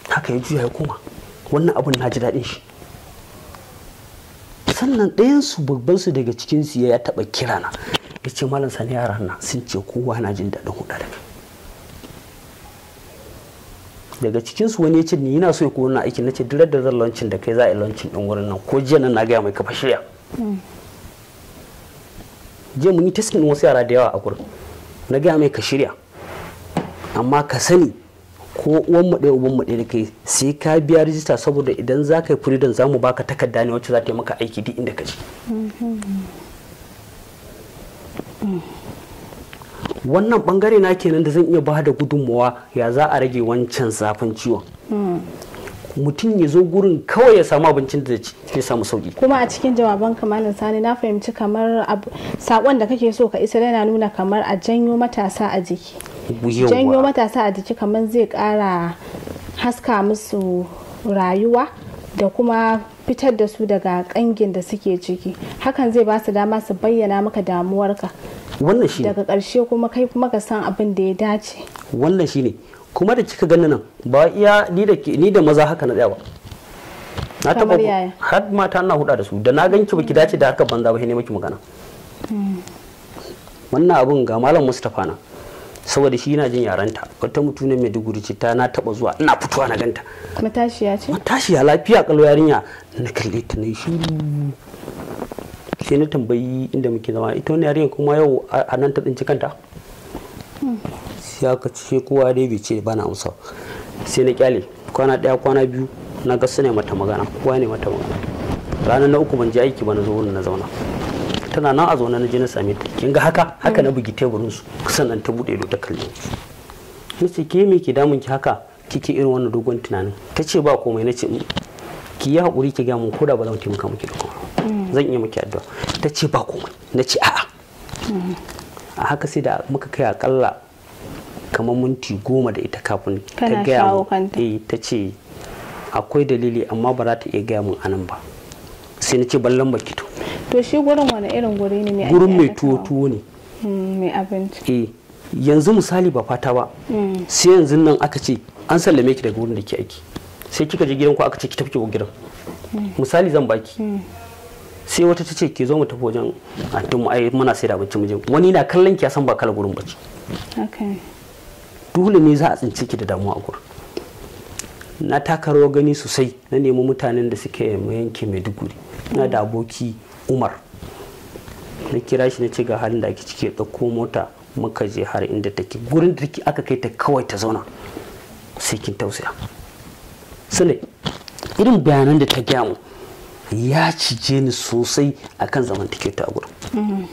B: haka ya juya ya wannan abun na ji daɗin shi sannan ɗayansu babbansu daga cikin cikinsu ya taɓa kirana ya ce malam sani yaran nan sun ce kowa na jin daɗin huɗa da daga cikinsu wani ya ce ni yana so ya kowa na aiki na ce dirar da zan lancin da kai za a yi lancin ɗin wurin nan ko jiya nan na gaya mai kafa shirya jiya mun yi taskin wasu yara da yawa a gurin na gaya mai ka shirya amma ka sani ko uwan mu ɗaya uban mu ɗaya da kai sai ka biya rijista saboda idan za ka yi freedom za mu baka takarda ne wacce za ta yi maka aiki duk inda ka je wannan bangare na kenan da zan iya ba da gudunmawa ya za a rage wancan zafin ciwon mutum ya zo gurin kawai ya samu abincin da ke samu sauki kuma
A: a cikin jawaban kamalin sani na fahimci kamar sakon da kake so ka isa yana nuna kamar a janyo matasa a jiki janyo matasa a jiki kamar zai kara haska musu rayuwa da kuma fitar da su daga kangin da suke ciki hakan zai ba su dama su bayyana maka damuwarka
B: wannan shi daga
A: ƙarshe kuma kai kuma ka san abin da ya dace
B: wannan shi ne kuma da kika ganin nan ba iya ni da maza haka na tsaya ba na taba har mata na huda da su da na ganki baki dace da haka banza ba ne maki magana hmm. wannan abun ga malam Mustapha na saboda shi yana jin ta wata mutune mai duguri ce ta na taba zuwa ina fitowa na ganta
A: matashiya ce
B: matashiya lafiya kalo yarinya na kalle ta na shiru sai na tambayi inda muke zama ita wani yarinyar kuma yau a nan ta tsinci kanta sai aka ce kowa dai bai ce na amsa sai na kyale kwana daya kwana biyu na ga suna mata magana kowa ne mata magana ranar na uku ban je aiki ba na zo na zauna tana nan a zaune na je na same ta kin ga haka haka na bugi teburin su sannan ta bude ido ta kalle ni ce ke me ke damun ki haka kike irin wannan dogon tunanin ta ce ba komai na ce mm, ki yi haƙuri ki ga mun koda ba zan taimaka muke da komai zan iya miki addu'a ta ce ba komai na ce a'a a haka sai da muka kai akalla kamar minti goma da ita kafin ta gaya mu eh, ta ce akwai dalili amma ba za ta iya gaya mun anan ba sai na ce ballan baki to
A: to shi gurin wani irin guri ne mai gurin mai
B: tuwo tuwo ne
A: hmm, mai abinci
B: eh yanzu misali ba fata ba hmm. sai yanzu nan aka ce an sallame ki daga wurin da ke aiki sai kika je gidan ku aka ce ki tafi ki gidan hmm. misali zan baki sai wata ta ce ki zo mu tafi wajen antin mu ai muna sai da abinci mu wani na kallon ki ya san ba kala gurin bace dole ne za a tsinci ki da damuwa a gurin na taka rawa gani sosai na nemi mutanen da suke yanki maiduguri na da aboki umar na kira shi na ce ga halin da ake ciki ɗauko mota muka je har inda take gurin da take aka kai ta kawai ta zauna sai kin tausaya sune irin bayanan da ta gaya mu ya cije ni sosai akan zamantakewa a
C: gurin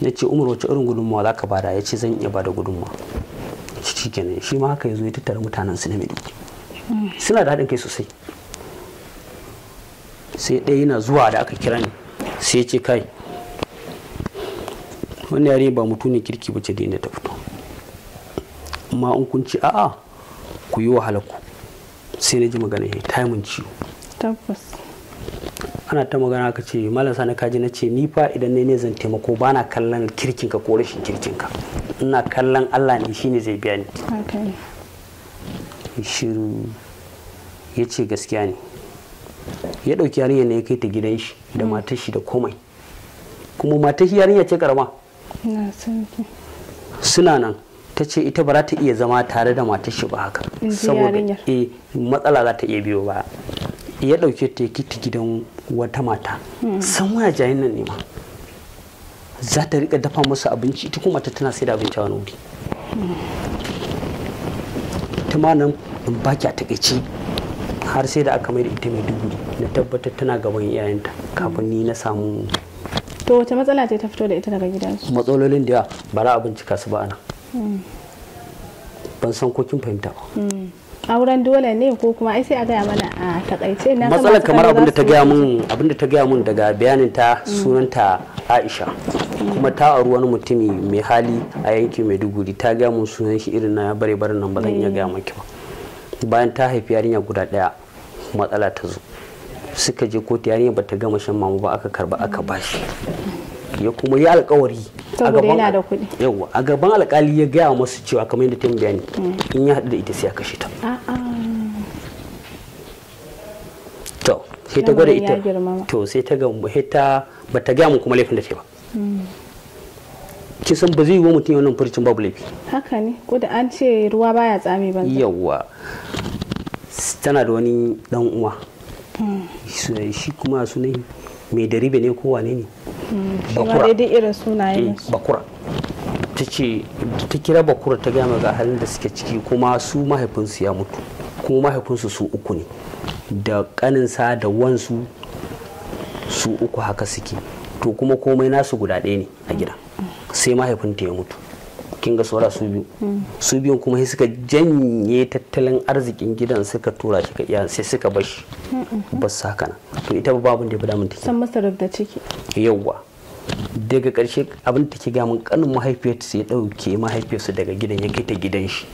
B: na ce umar wacce irin gudunmawa za ka bada ya ce zan iya bada gudunmawa shi ne shi ma haka ya zo ya tattara mutanen su na suna da haɗin kai sosai sai ɗaya yana zuwa da aka kira ni sai ya ce kai wani yare ba mutu ne kirki ba ce da inda ta fito amma in kun ce a'a ku yi wahala ku sai na ji magana ya yi taimun ciwo tabbas ana ta magana ka ce malam sani kaji na ce ni fa idan ne zan taimako ba na kallon kirkinka ko rashin kirkinka ina kallon allah ne shine zai biya
A: ni
B: shiru ya ce gaskiya ne ya ɗauki yarinya ne ya kai ta gidan shi da hmm. matar shi da komai kuma matar shi yarinya ce karama suna nan ta ce ita ba za ta iya zama tare da matar shi ba haka saboda eh, matsala za ta iya biyo ba ya ɗauke ta ya kiti gidan wata mata hmm. san waya jayin nan ne ma za ta rika dafa musu abinci ita kuma ta tana sai da abinci a wani wuri hmm. ta ma nan in baki a takaice har sai da aka mai da ita mai dubu na tabbatar tana gaban iyayenta kafin ni na samu
A: to wace matsala ce ta fito da ita daga su
B: matsalolin da yawa bara a kasu su ba nan hmm. ban san ko kin fahimta ba
A: auren dole ne ko kuma ai sai a gaya mana a takaice na matsalar kamar abinda ta gaya
B: mun abinda ta gaya mun daga bayanin ta mm. sunanta Aisha kuma ta auri wani mutumi mai hali a yankin Maiduguri ta gaya mun sunan shi irin na bare bare nan ba zan iya mm. gaya maki ba bayan ta haifi yarinya guda daya matsala ta zo suka je kotu yarinya bata gama shan mamu ba aka karba aka bashi ya kuma yi alkawari a gaban alkali ya gaya masu cewa kamar yadda ta bayani in ya haɗu da ita sai ya kashe ta to sai ta gwada ita to sai ta ga ta ba ta gaya mu kuma laifin da ta ba ki san ba zai yi wa mutum wannan furcin babu laifi
A: haka ne ko da an ce ruwa baya tsami ban
B: yawa tana da wani dan uwa hmm. shi kuma sunan mai daribe ne ko wane ne
A: bakura daidai irin mm,
B: bakura ta ce ta kira bakura ta gama ga halin da suke ciki kuma su mahaifinsu ya mutu kuma mahaifinsu su uku ne da kaninsa da wansu su uku haka suke to kuma komai nasu guda ɗaya ne a gida sai mahaifinta ya mutu kin ga saura su biyu su biyun kuma sai suka janye tattalin arzikin gidan suka tura shi ga sai suka bar shi ba su haka na to ita ba babun da ya damun mun take san
A: masarar da ciki
B: yawwa daga karshe abin da take ga mun kanin ta sai ya dauke mahaifiyarsa daga gidan ya kai ta gidan shi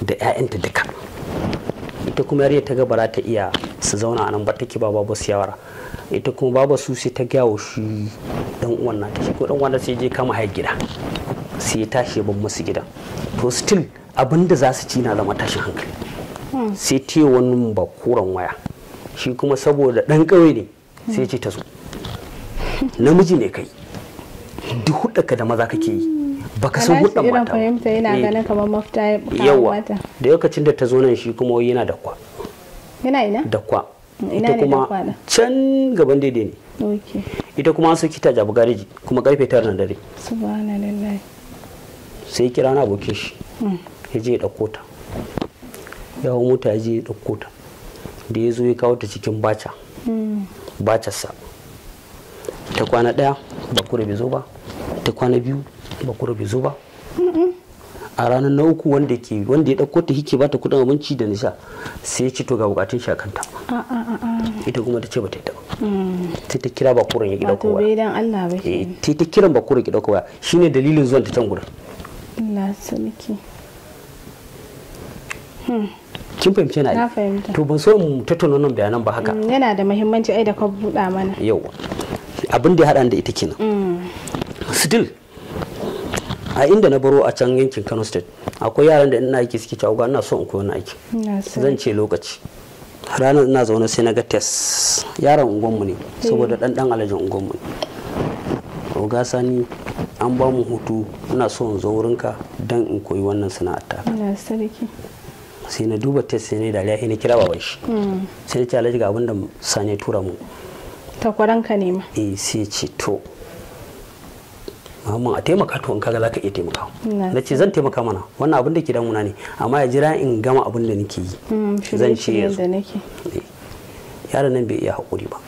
B: da 'ya'yanta duka ita kuma yarinya ta ga ba ta iya su zauna a nan ba take ba babu yawara ita kuma baba su sai ta gyawo shi dan uwan nata shi ko dan uwan sai je kama hayar gida sai ya tashi ban musu gidan to still abin da za su ci na zama tashin
C: hankali sai
B: ta yi wani bakuran waya shi kuma saboda dan ƙauye ne sai ce ta zo namiji ne kai duk ka da maza kake yi baka san hudda mata
A: fahimta yana eh. ganin kamar mafita ya yawa
B: da lokacin da ta zo nan shi kuma yana da kwa yana ina da kwa ita kuma can gaban daidai ne ita kuma an soki jabu gareji kuma karfe tara na dare sai kira na abokin shi hmm. ya je ya ɗauko ta ya hau mota ya je ya ɗauko ta da ya zo ya kawo ta cikin baca hmm. bacarsa ta kwana ɗaya bakura bai zo ba ta kwana biyu bakura bai zo ba a ranar na uku wanda ke wanda ya dauko ta yake bata kudin abinci da nisha sai ya ci to ga bukatun shi kanta ita kuma ta ce bata yi ta hmm. sai ta kira bakuran ya gida kowa
A: bai dan Allah ba eh,
B: sai ta kiran bakuran ya gida kowa shine dalilin zuwan ta can gurin
A: Allah sarki hmm.
B: kin fahimce na fahimta to ban so mu tattauna nan bayanan ba haka
A: hmm, yana da muhimmanci ai da ka buɗa mana
B: yau abin da ya haɗa da ita kenan still a inda na baro a can yankin kano state akwai yaran da ina aiki suke cewa ina so in koyi wani
C: aiki zan
B: ce lokaci ranar ina zaune sai na ga test yaran unguwanmu ne eh. saboda ɗanɗan alajin unguwanmu ne oga sani an ba mu hutu ina so in zo wurinka don in koyi wannan sana'ata sai na duba test sai ne da lahi na kira baban shi hmm. sai na ce alaji ga abin da sani tura mu
A: takwaranka ne ma
B: eh sai ce to Muhammad a taimaka to in kaga zaka iya taimaka na ce zan taimaka mana wannan abin da ke damuna ne amma ya jira in gama abin da nake yi
A: hmm, zan ce yanzu eh.
B: yaron nan bai iya haƙuri ba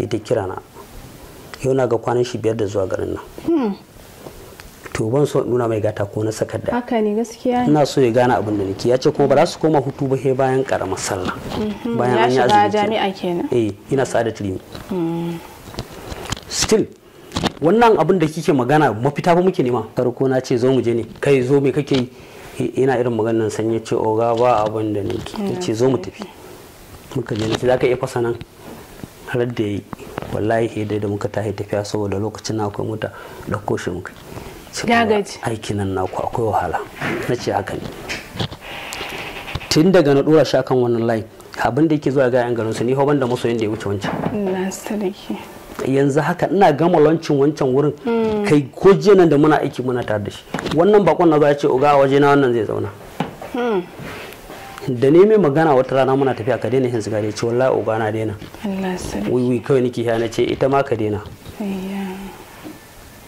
B: ita kira na yau na ga kwanan shi biyar da zuwa garin nan hmm. to ban so nuna mai gata ko na sakar da
A: haka ne gaskiya ina
B: so ya gane abin da nake ya ce ko ba za su koma hutu ba sai bayan karamar sallah
A: hmm. bayan an yi azumi ya shiga jami'a kenan
B: eh ina sada tilimi still wannan abin da kike magana mafita fa muke nema farko na ce zo mu je ne kai zo me kake eh, ina irin maganar san ya ce oga ba abin da nake ya ce zo mu tafi muka je ne za ka iya fasa nan har da yi wallahi hidai eh, da muka tahi tafiya saboda lokacin na akwai mota da koshe muka aiki nan naku akwai wahala na ce haka ne tun daga na ɗora shi akan wannan layi abin da yake zuwa ga 'yan garinsu ni hoban da masoyin da ya wuce
A: wancan
B: yanzu haka ina gama lancin wancan wurin kai ko jiya nan da muna aiki muna tare da shi wannan bakon na za ce uga a waje na wannan zai zauna hmm. da ne mai magana wata rana muna tafiya ka daina shan sigari ce wallahi uga na daina wiwi kawai nake ya na ce ita ma ka daina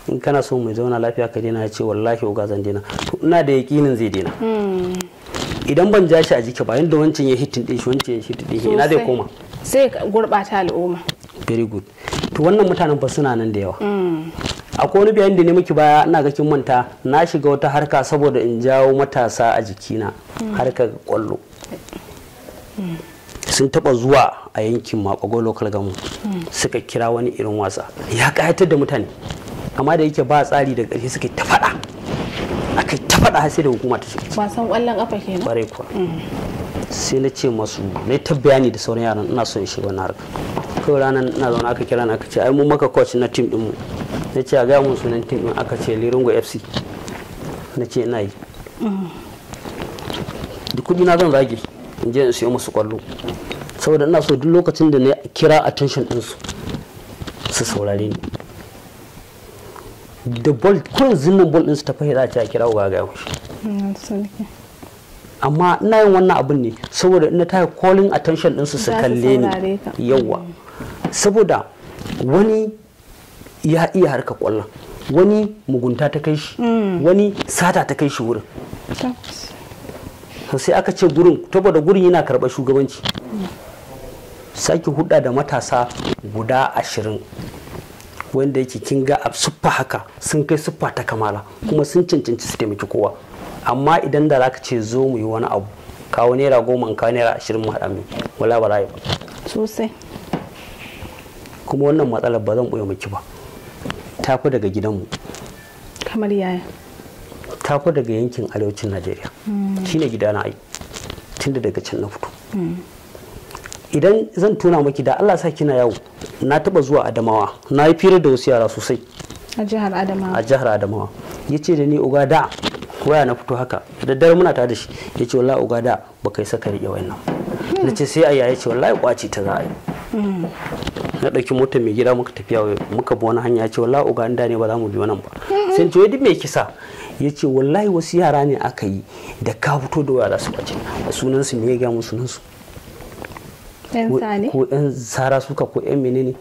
B: in kana so mai zauna lafiya ka daina ya ce wallahi uga zan daina ina da yakinin zai daina hmm. idan ban ja shi a jiki ba yanda wancan ya hitin din shi wancan ya hitin din shi ina zai koma
A: sai gurbata al'umma
B: very good to wannan mutanen ba suna nan da yawa mm. a wani bayan da ne muke baya ina ga manta na shiga wata harka saboda in jawo matasa a jikina mm. harka kwallo mm. sun taba zuwa a yankin makwago local gamu suka kira wani irin wasa ya kayatar da mutane amma da yake ba tsari da ƙarshe suka ta faɗa aka ta faɗa sai da hukuma ta shiga wasan kwallon kafa kenan ƙwarai kuwa sai na ce masu na ta bayani da sauran yaran ina son shiga wani harka kawai ranar na zaune aka kira na aka ce ai mu maka coach na team din mu na ce a ga mun sunan team din aka ce Liringo FC na ce ina yi da kudi na zan zage in je in siyo musu kwallo saboda ina so duk lokacin da na kira attention din su su saurare ni da ball kullum zinnan ball din su ta fahimta a kira ga
C: ga
B: amma ina yin wannan abin ne saboda ina ta calling attention ɗinsu su su kalle ni yawa mm. saboda wani ya iya harka kwallon wani mugunta ta kai shi mm. wani sata ta kai shi wurin sai aka ce gurin saboda gurin yana karɓar shugabanci mm. sake huda da matasa guda ashirin wanda yake kin ga a siffa haka sun kai siffa ta kamala kuma sun cancanci su taimaki kowa amma idan da zaka ce zo mu yi wani abu kawo naira goma kawo naira ashirin mu haɗa mu wala ba ba sosai kuma wannan matsalar ba zan ɓoye miki ba ta fi daga gidanmu kamar yaya ta fi daga yankin arewacin najeriya
A: hmm.
C: shine
B: gidana ai tunda daga can na fito hmm. idan zan tuna maki da allah sa kina yawo na taba zuwa adamawa na yi fira da wasu yara sosai
A: a jihar adamawa a
B: jihar adamawa ya ce da ni uga da waya na fito haka da dare muna tare da shi ya ce wallahi uga da ba kai saka rike wayan nan hmm. na ce sai a yaya ce wallahi kwaci ta za a yi hmm. na ɗauki mota mai gida muka tafiya muka bi wani hanya ya ce wallahi uga da ne ba za mu bi wannan ba hmm. sai ce duk mai kisa ya ce wallahi wasu yara ne aka yi da ka fito da waya za su kwace a sunansu me ya gaya mu sunansu ko yan sara suka ko yan menene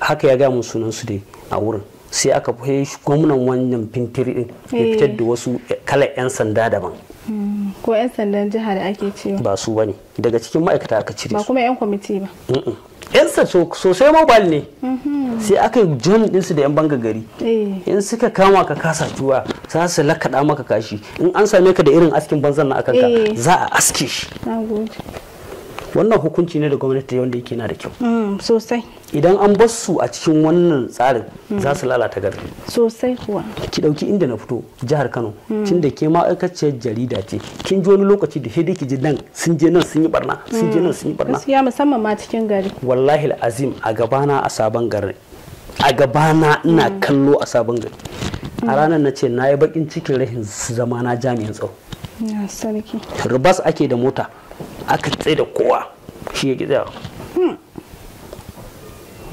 B: haka ya gaya mu sunansu dai a wurin sai aka shi gwamnan wannan fintiri din ya fitar da eh. wasu kalar 'yan sanda daban
A: hmm. ko 'yan sandan jiha da ake cewa
B: ba su ba ne daga cikin ma'aikata aka cire ba kuma
A: 'yan kwamiti ba
B: yan sosai mobile ne
A: hmm. sai
B: aka yi jon ɗinsu da yan banga gari eh. in suka kama ka kasa tuwa za su lakaɗa maka kashi in an same ka da irin askin banzan na akan eh. za a aske shi wannan hukunci ne da gwamnati wanda yake na da kyau
A: mm, sosai
B: idan an bar su a cikin wannan tsarin mm. za su lalata gari
A: sosai kuwa
B: ki dauki inda na fito jihar Kano mm. tun da ke ma'aikaciyar jarida ce kin ji wani lokaci da hidi ki ji nan sun je nan sun yi barna sun je nan sun yi barna gaskiya
A: musamman ma cikin gari
B: wallahi azim a gabana a sabon gari a gabana ina kallo a sabon gari a ranar na ce na yi bakin cikin rahin zama na jami'in tsaro ribas ake da mota aka tsaye da kowa shi ya gida hmm.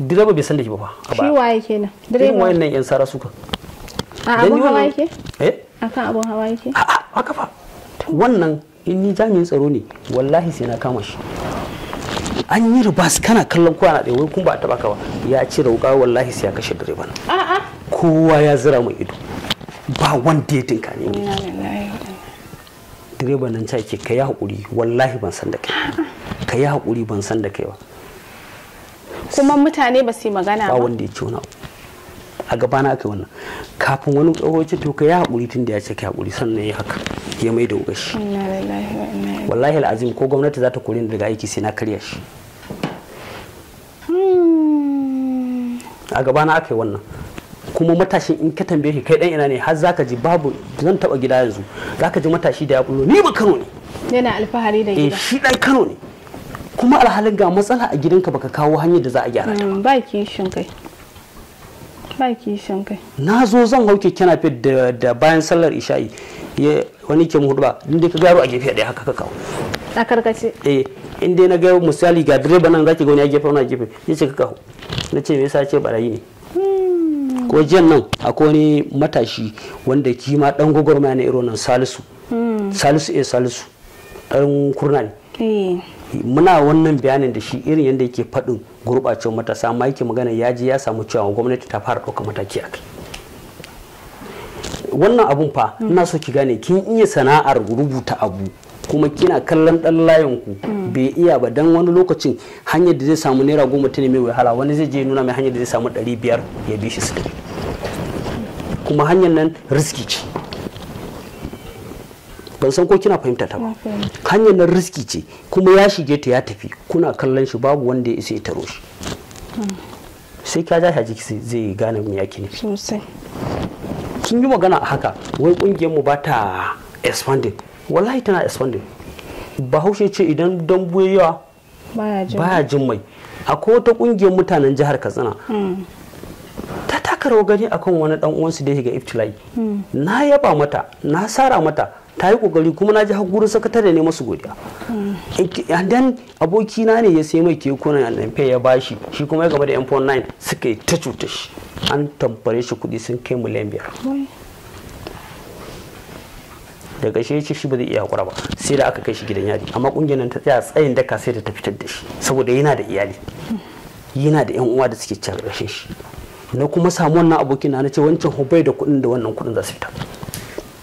B: direba bai san da shi ba shi
A: waye kenan direba irin wayannan
B: yan sara suka a abun hawa yake eh
A: akan abun hawa yake a haka fa
B: wannan in ni jami'in tsaro ne wallahi sai na kama shi an yi ribas kana kallon kowa na ɗaya kun ba a taɓa ka ba ya ci rauka wallahi sai ya kashe direban kowa ya zira mai ido ba wanda ya tinka
C: ne
B: direba nan ta ka yi haƙuri wallahi ban san da kai ka yi haƙuri ban san da kai ba
A: kuma mutane ba su yi magana ba
B: wanda ya ce wani a gabana aka wannan kafin wani tsoho ce to ka yi haƙuri tun da ya ce ka haƙuri sannan ya haka ya mai da wugashi wallahi al'azim ko gwamnati za ta kore ni daga aiki sai na karya shi
C: hmm.
B: a gabana aka yi wannan kuma matashin in ka tambaye shi kai dan ina ne har zaka ji babu zan taba gida yanzu zaka ji matashi da ya bullo ni ba Kano ne
A: yana alfahari da gida eh shi
B: dan Kano ne kuma alhalin ga matsala a gidanka baka kawo hanyar da za a gyara
A: ta ba mm, kishin kai ba shin kai
B: na zo zan hauke kina fit da bayan sallar isha'i wani ke mu ba inda ka garo a gefe ɗaya haka ka kawo a karkace eh inda na ga misali ga direba nan zaki ga wani a gefe wani a gefe ya ce ka kawo na ce me yasa ce barayi ne ko jiyan nan akwai wani matashi wanda kima dan gwagwarmaya na irin nan salisu
C: hmm. salisu
B: eh salisu dan kurna ne eh. muna wannan bayanin da shi irin yadda yake faɗin gurɓacewar matasa amma yake magana ya ji ya samu cewa gwamnati ta fara ɗauka mataki a kai wannan abun fa hmm. ina so ki gane kin iya sana'ar rubuta abu kuma kina kallon dan layin ku mm. bai iya ba dan wani lokacin hanyar da zai samu naira goma ta ne mai wahala wani zai je nuna mai hanyar da zai samu ɗari biyar ya bi shi sai kuma hanyar nan riski ce ban san ko kina fahimta ta ba hanyar nan riski ce kuma ya shige ta ya tafi kuna kallon shi babu wanda ya isa ya taro shi mm. sai ka ja shi zai gane mu yake ne sosai kin yi magana a haka wai kungiyar mu ba ta expanding wallahi tana expanding bahaushe ce idan dambu yawa baya jin mai akwai wata kungiyar mutanen jihar katsina hmm. ta taka rawa gani akan wani dan uwansu da ga iftilai hmm. na yaba mata na sara mata ta yi kokari kuma na ji har gurin sakatare ne masu godiya hmm. dan aboki na ne ya sai mai kekunan alamfe ya bashi shi kuma ya gaba da m9 suka yi ta cuta shi an tambare shi kudi sun kai miliyan biyar da gashe ce shi ba zai iya hakura ba sai da aka kai shi gidan yari amma kungiyar nan ta tsaya tsayin daka sai da ta fitar da shi saboda yana da iyali yana da yan uwa da suke cin rashin shi na kuma samu wannan abokin na ce wancan hubai da kuɗin da wannan kuɗin za su fita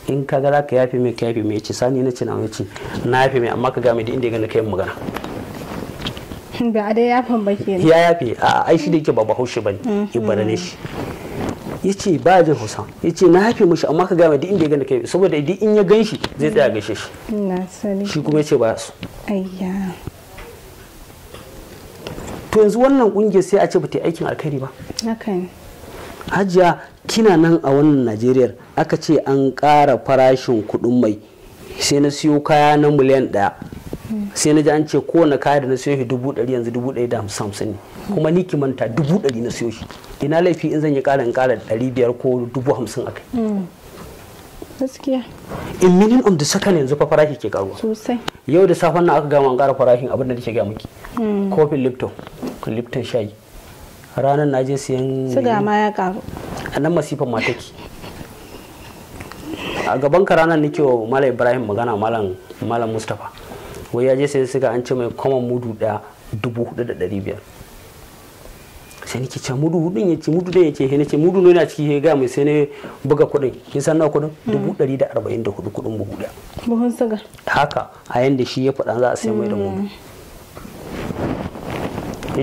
B: in ka ga ka yafe mai ka yafe mai ce sani na ce na ce na yafe mai amma ka ga mai da inda ya gani yi magana
A: ba a dai yafan ba ne. ya
B: yafe a ai shi da yake ba ba bane ibara ne mm-hmm. shi ya ce ba jin hausa ya ce na haife mashi amma ka gama duk inda ya gani kai saboda duk in ya gan shi zai tsaya gaishe
A: shi
C: shi
B: kuma ya ce ba su to yanzu wannan kungiyar sai a ce ba ta aikin alkhairi ba hajiya kina nan a wannan najeriya aka ce an ƙara farashin kuɗin mai sai na siyo kaya na miliyan ɗaya sai na ji an ce kowane kaya da na siyo dubu ɗari yanzu dubu ɗari da hamsin hamsin ne kuma ni kimanta dubu ɗari na siyo ina laifi in zan yi ƙara in ƙara ɗari biyar ko dubu hamsin a kai
A: mm. gaskiya
B: in minin of the second yanzu fa farashi ke karuwa sosai yau da safen nan aka gama an ƙara farashin abin da nake ga miki
A: mm. kofin
B: lipton lipton shayi ranar na je siyan suga ma ya karu a nan masifan ma take a gaban ka ranar nake wa malam ibrahim magana malam malam mustapha wai ya je sai suka an ce mai kwamon mudu da dubu hudu da dari biyar sai nake ce mudu hudun ya ce mudu ya ce he ce mudu nuna ciki he ga mai sai ne buga kudin kin san nawa kudin hmm. dubu ɗari da arba'in da hudu kuɗin buhu da buhun suga haka a yanda shi ya faɗa za a sai mai da mudu hmm.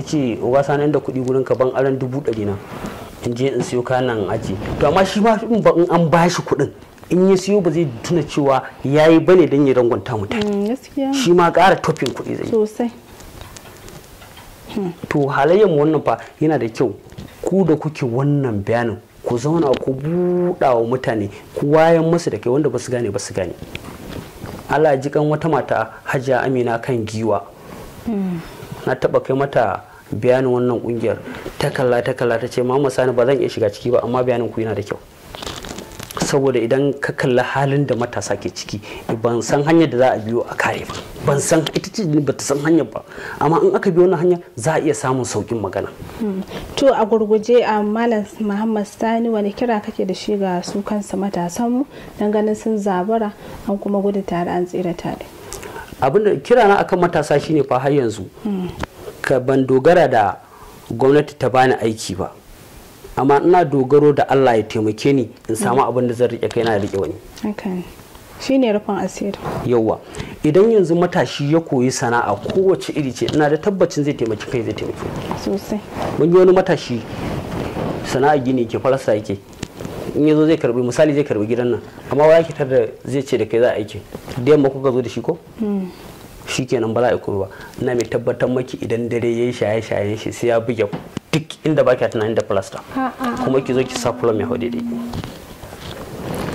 B: ya ce uba nan da kuɗi gurin ka ban aran dubu ɗari na in je in siyo kanan aji to amma shi ma in an bashi kuɗin in ya siyo ba zai tuna cewa ya yi ba ne don ya rangwanta mutane
A: mm, shi
B: ma ƙara tofin kuɗi zai sosai to halayyar wannan fa yana da kyau ku da kuke wannan bayanin ku zauna ku buɗa wa mutane ku wayan musu da kai wanda ba su gane ba su gane Allah ji wata mata hajiya amina kan giwa mm. na taɓa kai mata bayanin wannan kungiyar ta kalla ta kalla ta ce mama sani ba zan iya shiga ciki ba amma bayanin ku yana da kyau saboda idan ka kalla halin da matasa ke ciki ban san hanyar da za a biyo a kare ba ban san ita ce ba ta san hanyar ba amma in aka biyo wani hanya za a iya samun saukin magana
A: hmm. to a gurguje a malam muhammad sani wani kira kake da shi ga su kansa matasan mu dan ganin sun zabara an kuma gudu tare an tsira tare
B: abin da kira na akan matasa shine fa har yanzu hmm. ka ban dogara da gwamnati ta bani aiki ba amma ina dogaro da Allah ya taimake ni in samu mm. abin da zan rike kaina da rike wani shi ne rufin asiri yawwa idan yanzu matashi ya koyi sana'a kowace iri ce ina da tabbacin zai taimaki kai zai taimaki sosai mun yi wani matashi sana'a gini ke farasa yake in ya zo zai karbi misali zai karbi gidan nan amma wa yake tar da zai ce da kai za a aiki da yamma kuka zo da shi ko mm. shikenan ba za a koyo ba ina mai tabbatar maki idan dare yayi shaye shaye shi sai ya buge duk inda ba ka tunanin da plaster kuma ki zo ki sa fulon mai hode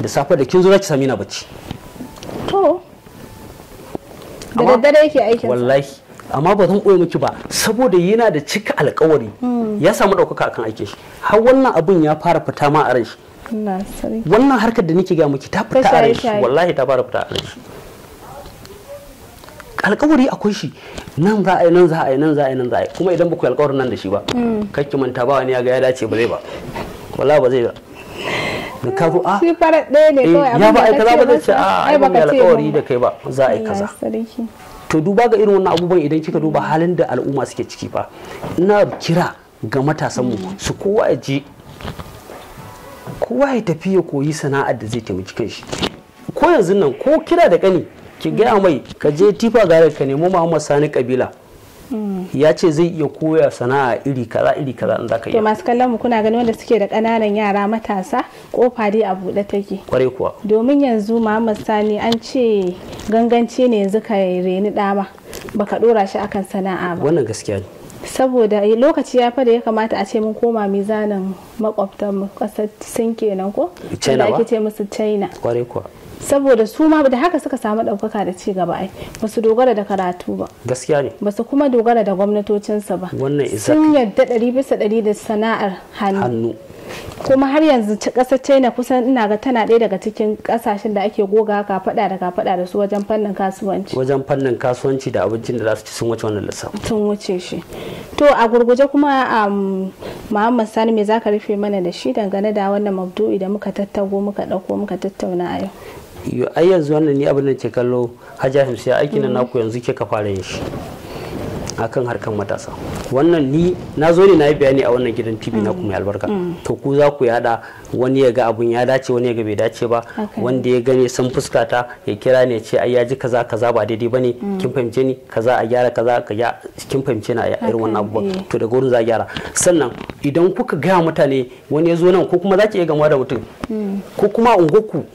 B: da safe da kin zo za ki sami na bacci to da daddare yake aikin wallahi amma ba zan koya miki ba saboda yana da cika alkawari
A: hmm.
C: ya
B: samu ɗaukaka akan aikin shi har wannan abin ya fara fita ma a ran shi wannan harkar da nake ga miki ta fita a ran shi wallahi ta fara fita a ran shi alkawari akwai shi nan za a yi nan za a yi nan za a yi nan za a yi kuma idan baku alkawarin nan da shi ba hmm. kakki manta ba wani ya ga ya dace ba zai ba wala ba zai ba da ka a ah, shi
A: fara ɗaya ne eh, kawai ya ba a kaza ba zai ce a ah, ai ba mai alkawari da
B: kai ba za a yi kaza to duba ga irin wannan abubuwan idan kika duba halin da al'umma suke ciki fa ina kira ga matasanmu hmm. su kowa ya je kowa ya tafi ya koyi sana'ar da zai taimaki kanshi ko yanzu nan ko kira da kani ki gaya mai ka je tifa gare ka nemo muhammad sani kabila hmm. ya ce zai iya koya sana'a iri kaza iri kaza in zaka yi to
A: masu kallon mu kuna gani wanda suke da kananan yara matasa kofa dai a buɗe take kware kuwa domin yanzu muhammad sani an ce ganganci ne yanzu ka reni dama baka dora shi akan sana'a ba wannan gaskiya ne saboda eh, lokaci ya fada ya kamata a ce mun koma mizanin makwabtan mu kasar sun kenan ko china ake ce musu china kware kuwa saboda su ma da haka suka samu ɗaukaka da ci gaba ai ba su dogara da karatu ba gaskiya ne ba su kuma dogara da gwamnatocinsa ba sun yadda ɗari bisa ɗari da sana'ar hannu kuma har yanzu ƙasar china kusan ina ga tana ɗaya daga cikin ƙasashen da ake goga kafaɗa da kafaɗa da su wajen fannin kasuwanci
B: wajen fannin kasuwanci da abincin da za su ci sun wuce wannan lissafi
A: sun wuce shi to a gurguje kuma um, muhammad sani me zaka rufe mana da shi dangane da wannan mabdu'i da muka tattago muka ɗauko muka tattauna a yau
B: ai yanzu wannan ni abin da ke kallo hajja sai aiki na mm. ku yanzu ke ka fara yin shi akan harkan matasa wannan ni na zo ne na yi bayani a wannan gidan tv na kuma mm. albarka mm. to ku za ku yada wani ya ga abun ya dace wani ya ga bai dace ba wanda ya gane san fuska ta ya kira ne ce ai ya ji kaza kaza ba daidai bane kin fahimce ni kaza a gyara kaza ka ya kin fahimce ni a irin wannan abubuwan eh. to daga wurin za gyara sannan idan kuka ga mutane wani ya zo nan ko kuma za ki iya gamuwa da mutum ko kuma unguwarku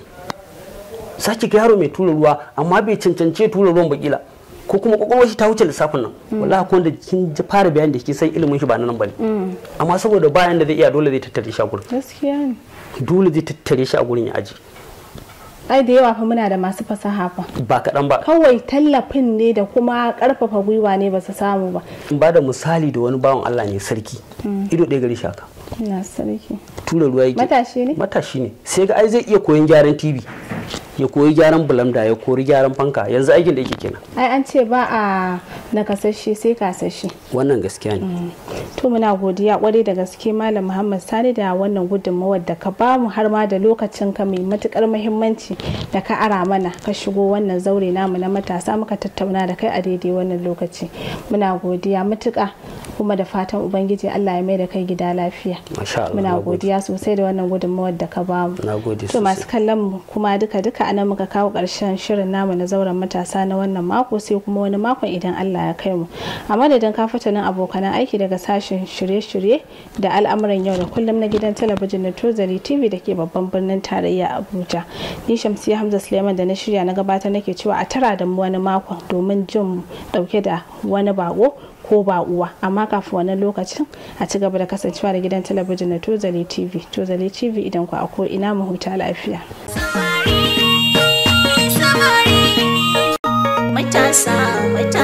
B: Sake ki ga yaro mai tura ruwa amma bai cancance tura ruwan bakila ko kuma kwakwalwar shi ta wuce lissafin nan mm. wallahi ko wanda kin fara bayani da ke san ilimin shi ba nan bane mm. amma saboda bayan da zai iya dole zai tattare shi a gurin gaskiya ne dole zai tattare shi a gurin ya aji
A: ai da yawa fa muna da masu fasaha
B: fa ba kaɗan ba
A: kawai tallafin ne da kuma karfafa gwiwa ne ba su samu ba
B: in ba da misali da wani bawan Allah ne sarki mm. ido ɗaya gari shaka
A: na sarki tura ruwa yake matashi ne
B: matashi ne sai ga ai zai iya koyon gyaran TV ya koyi gyaran bulanda ya koyi gyaran fanka yanzu aikin da yake kenan
A: ai an ce ba a nakasashe sai kasashe
B: wannan gaskiya ne mm.
A: to muna godiya kwarai da gaske malam muhammad sani da wannan gudunmawar da ka ba mu har ma da lokacin ka mai matukar muhimmanci da ka ara mana ka shigo wannan zaure namu na matasa muka tattauna da kai a daidai wannan lokaci muna godiya matuka kuma da fatan ubangiji Allah ya mai da kai gida lafiya muna godiya sosai da wannan gudunmawar da ka ba mu to masu kallon mu kuma duka duka haka anan muka kawo ƙarshen shirin namu na zauren matasa na wannan mako sai kuma wani makon idan Allah ya kai mu a madadin kafatanin abokanan aiki daga sashen shirye-shirye da al'amuran yau da kullum na gidan talabijin na tozari tv da ke babban birnin tarayya abuja ni shamsiya hamza suleiman da na shirya na gabatar nake cewa a tara da mu wani makon domin jin dauke da wani bako ko ba uwa amma kafin wannan lokacin a ci gaba da kasancewa da gidan talabijin na tozali tv tozali tv idan ku a ko ina mu huta lafiya.
D: sound.